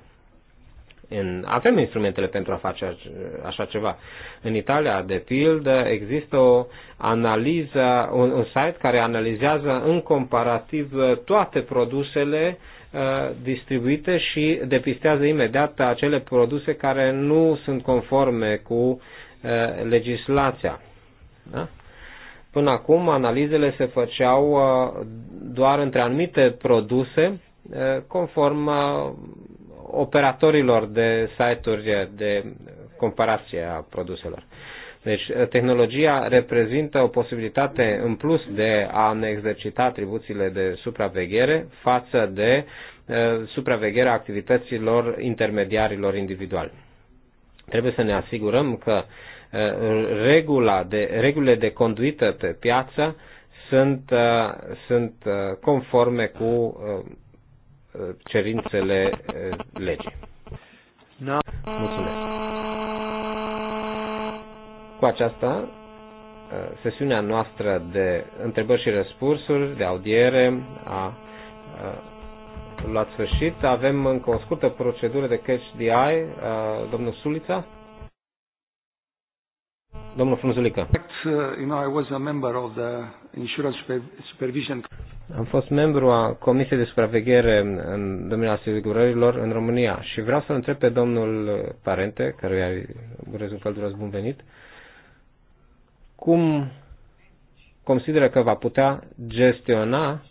S2: în, avem instrumentele pentru a face așa ceva. În Italia, de pildă, există o analiză, un, un site care analizează în comparativ toate produsele uh, distribuite și depistează imediat acele produse care nu sunt conforme cu uh, legislația. Da? Până acum, analizele se făceau uh, doar între anumite produse, conform operatorilor de site-uri de comparație a produselor. Deci tehnologia reprezintă o posibilitate în plus de a ne exercita atribuțiile de supraveghere față de eh, supravegherea activităților intermediarilor individuali. Trebuie să ne asigurăm că eh, regula de, regulile de conduită pe piață sunt, eh, sunt conforme cu cerințele eh, legii. Mulțumesc. Cu aceasta, eh, sesiunea noastră de întrebări și răspunsuri, de audiere, a eh, luat sfârșit. Avem încă o scurtă procedură de catch the eye. Domnul Sulița? Domnul Frunzulică.
S3: Uh,
S2: Am fost membru a Comisiei de Supraveghere în domeniul asigurărilor în România și vreau să întreb pe domnul Parente, i îi urez un călduros bun venit, cum consideră că va putea gestiona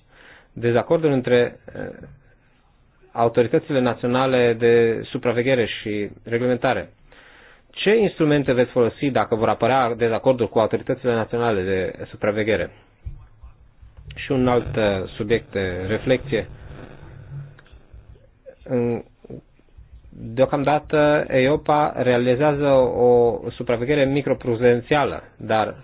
S2: dezacordul între uh, autoritățile naționale de supraveghere și reglementare ce instrumente veți folosi dacă vor apărea dezacorduri cu autoritățile naționale de supraveghere? Și un alt uh, subiect de reflexie. Deocamdată EOPA realizează o supraveghere microprudențială, dar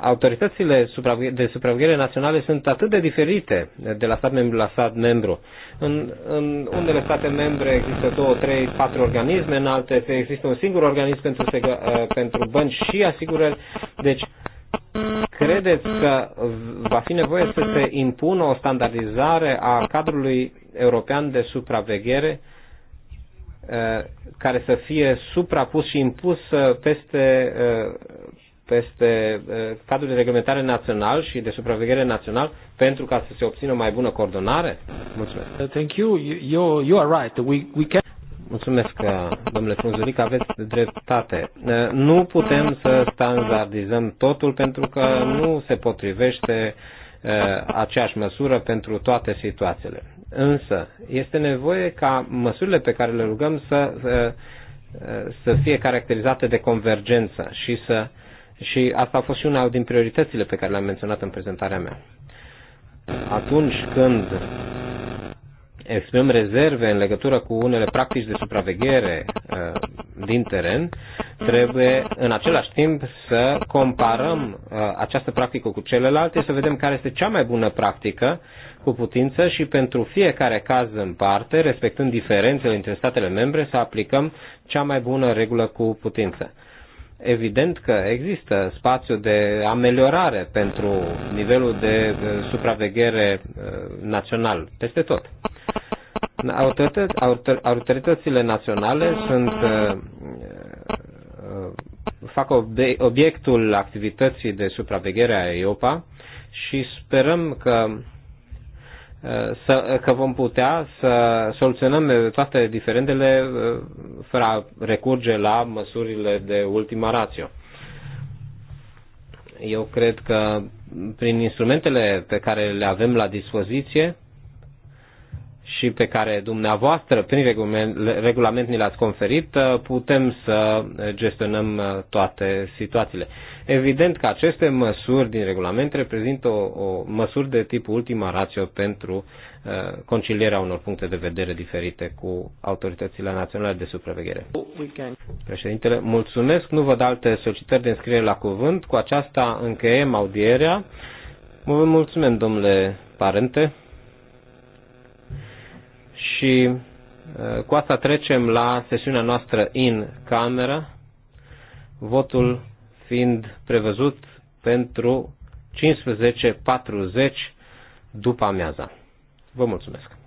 S2: autoritățile de supraveghere naționale sunt atât de diferite de la stat membru la stat membru. În, în unele state membre există două, trei, patru organisme, în alte există un singur organism pentru, eh, pentru bănci și asigurări. Deci, credeți că va fi nevoie să se impună o standardizare a cadrului european de supraveghere eh, care să fie suprapus și impus eh, peste peste eh, cadrul de reglementare național și de supraveghere național pentru ca să se obțină mai bună coordonare? Mulțumesc. Uh, thank you. You, you are right. We, we can... Mulțumesc, uh, domnule Frunzuric, aveți dreptate. Uh, nu putem să standardizăm totul pentru că nu se potrivește aceeași măsură pentru toate situațiile. Însă, este nevoie ca măsurile pe care le rugăm să, să fie caracterizate de convergență și să și asta a fost și una din prioritățile pe care le-am menționat în prezentarea mea. Atunci când exprimăm rezerve în legătură cu unele practici de supraveghere uh, din teren, trebuie în același timp să comparăm uh, această practică cu celelalte, să vedem care este cea mai bună practică cu putință și pentru fiecare caz în parte, respectând diferențele între statele membre, să aplicăm cea mai bună regulă cu putință evident că există spațiu de ameliorare pentru nivelul de supraveghere uh, național peste tot. Autoritățile naționale sunt, uh, uh, fac obiectul activității de supraveghere a EOPA și sperăm că să, că vom putea să soluționăm toate diferendele uh, fără a recurge la măsurile de ultima rațio. Eu cred că prin instrumentele pe care le avem la dispoziție și pe care dumneavoastră, prin regulament, regulament ni le-ați conferit, uh, putem să gestionăm uh, toate situațiile. Evident că aceste măsuri din regulament reprezintă o, o măsuri de tip ultima ratio pentru uh, concilierea unor puncte de vedere diferite cu autoritățile naționale de supraveghere. Președintele, mulțumesc, nu văd alte solicitări de înscriere la cuvânt. Cu aceasta încheiem audierea. Vă mulțumim, domnule parente. Și uh, cu asta trecem la sesiunea noastră în camera. Votul fiind prevăzut pentru 15.40 după amiaza. Vă mulțumesc!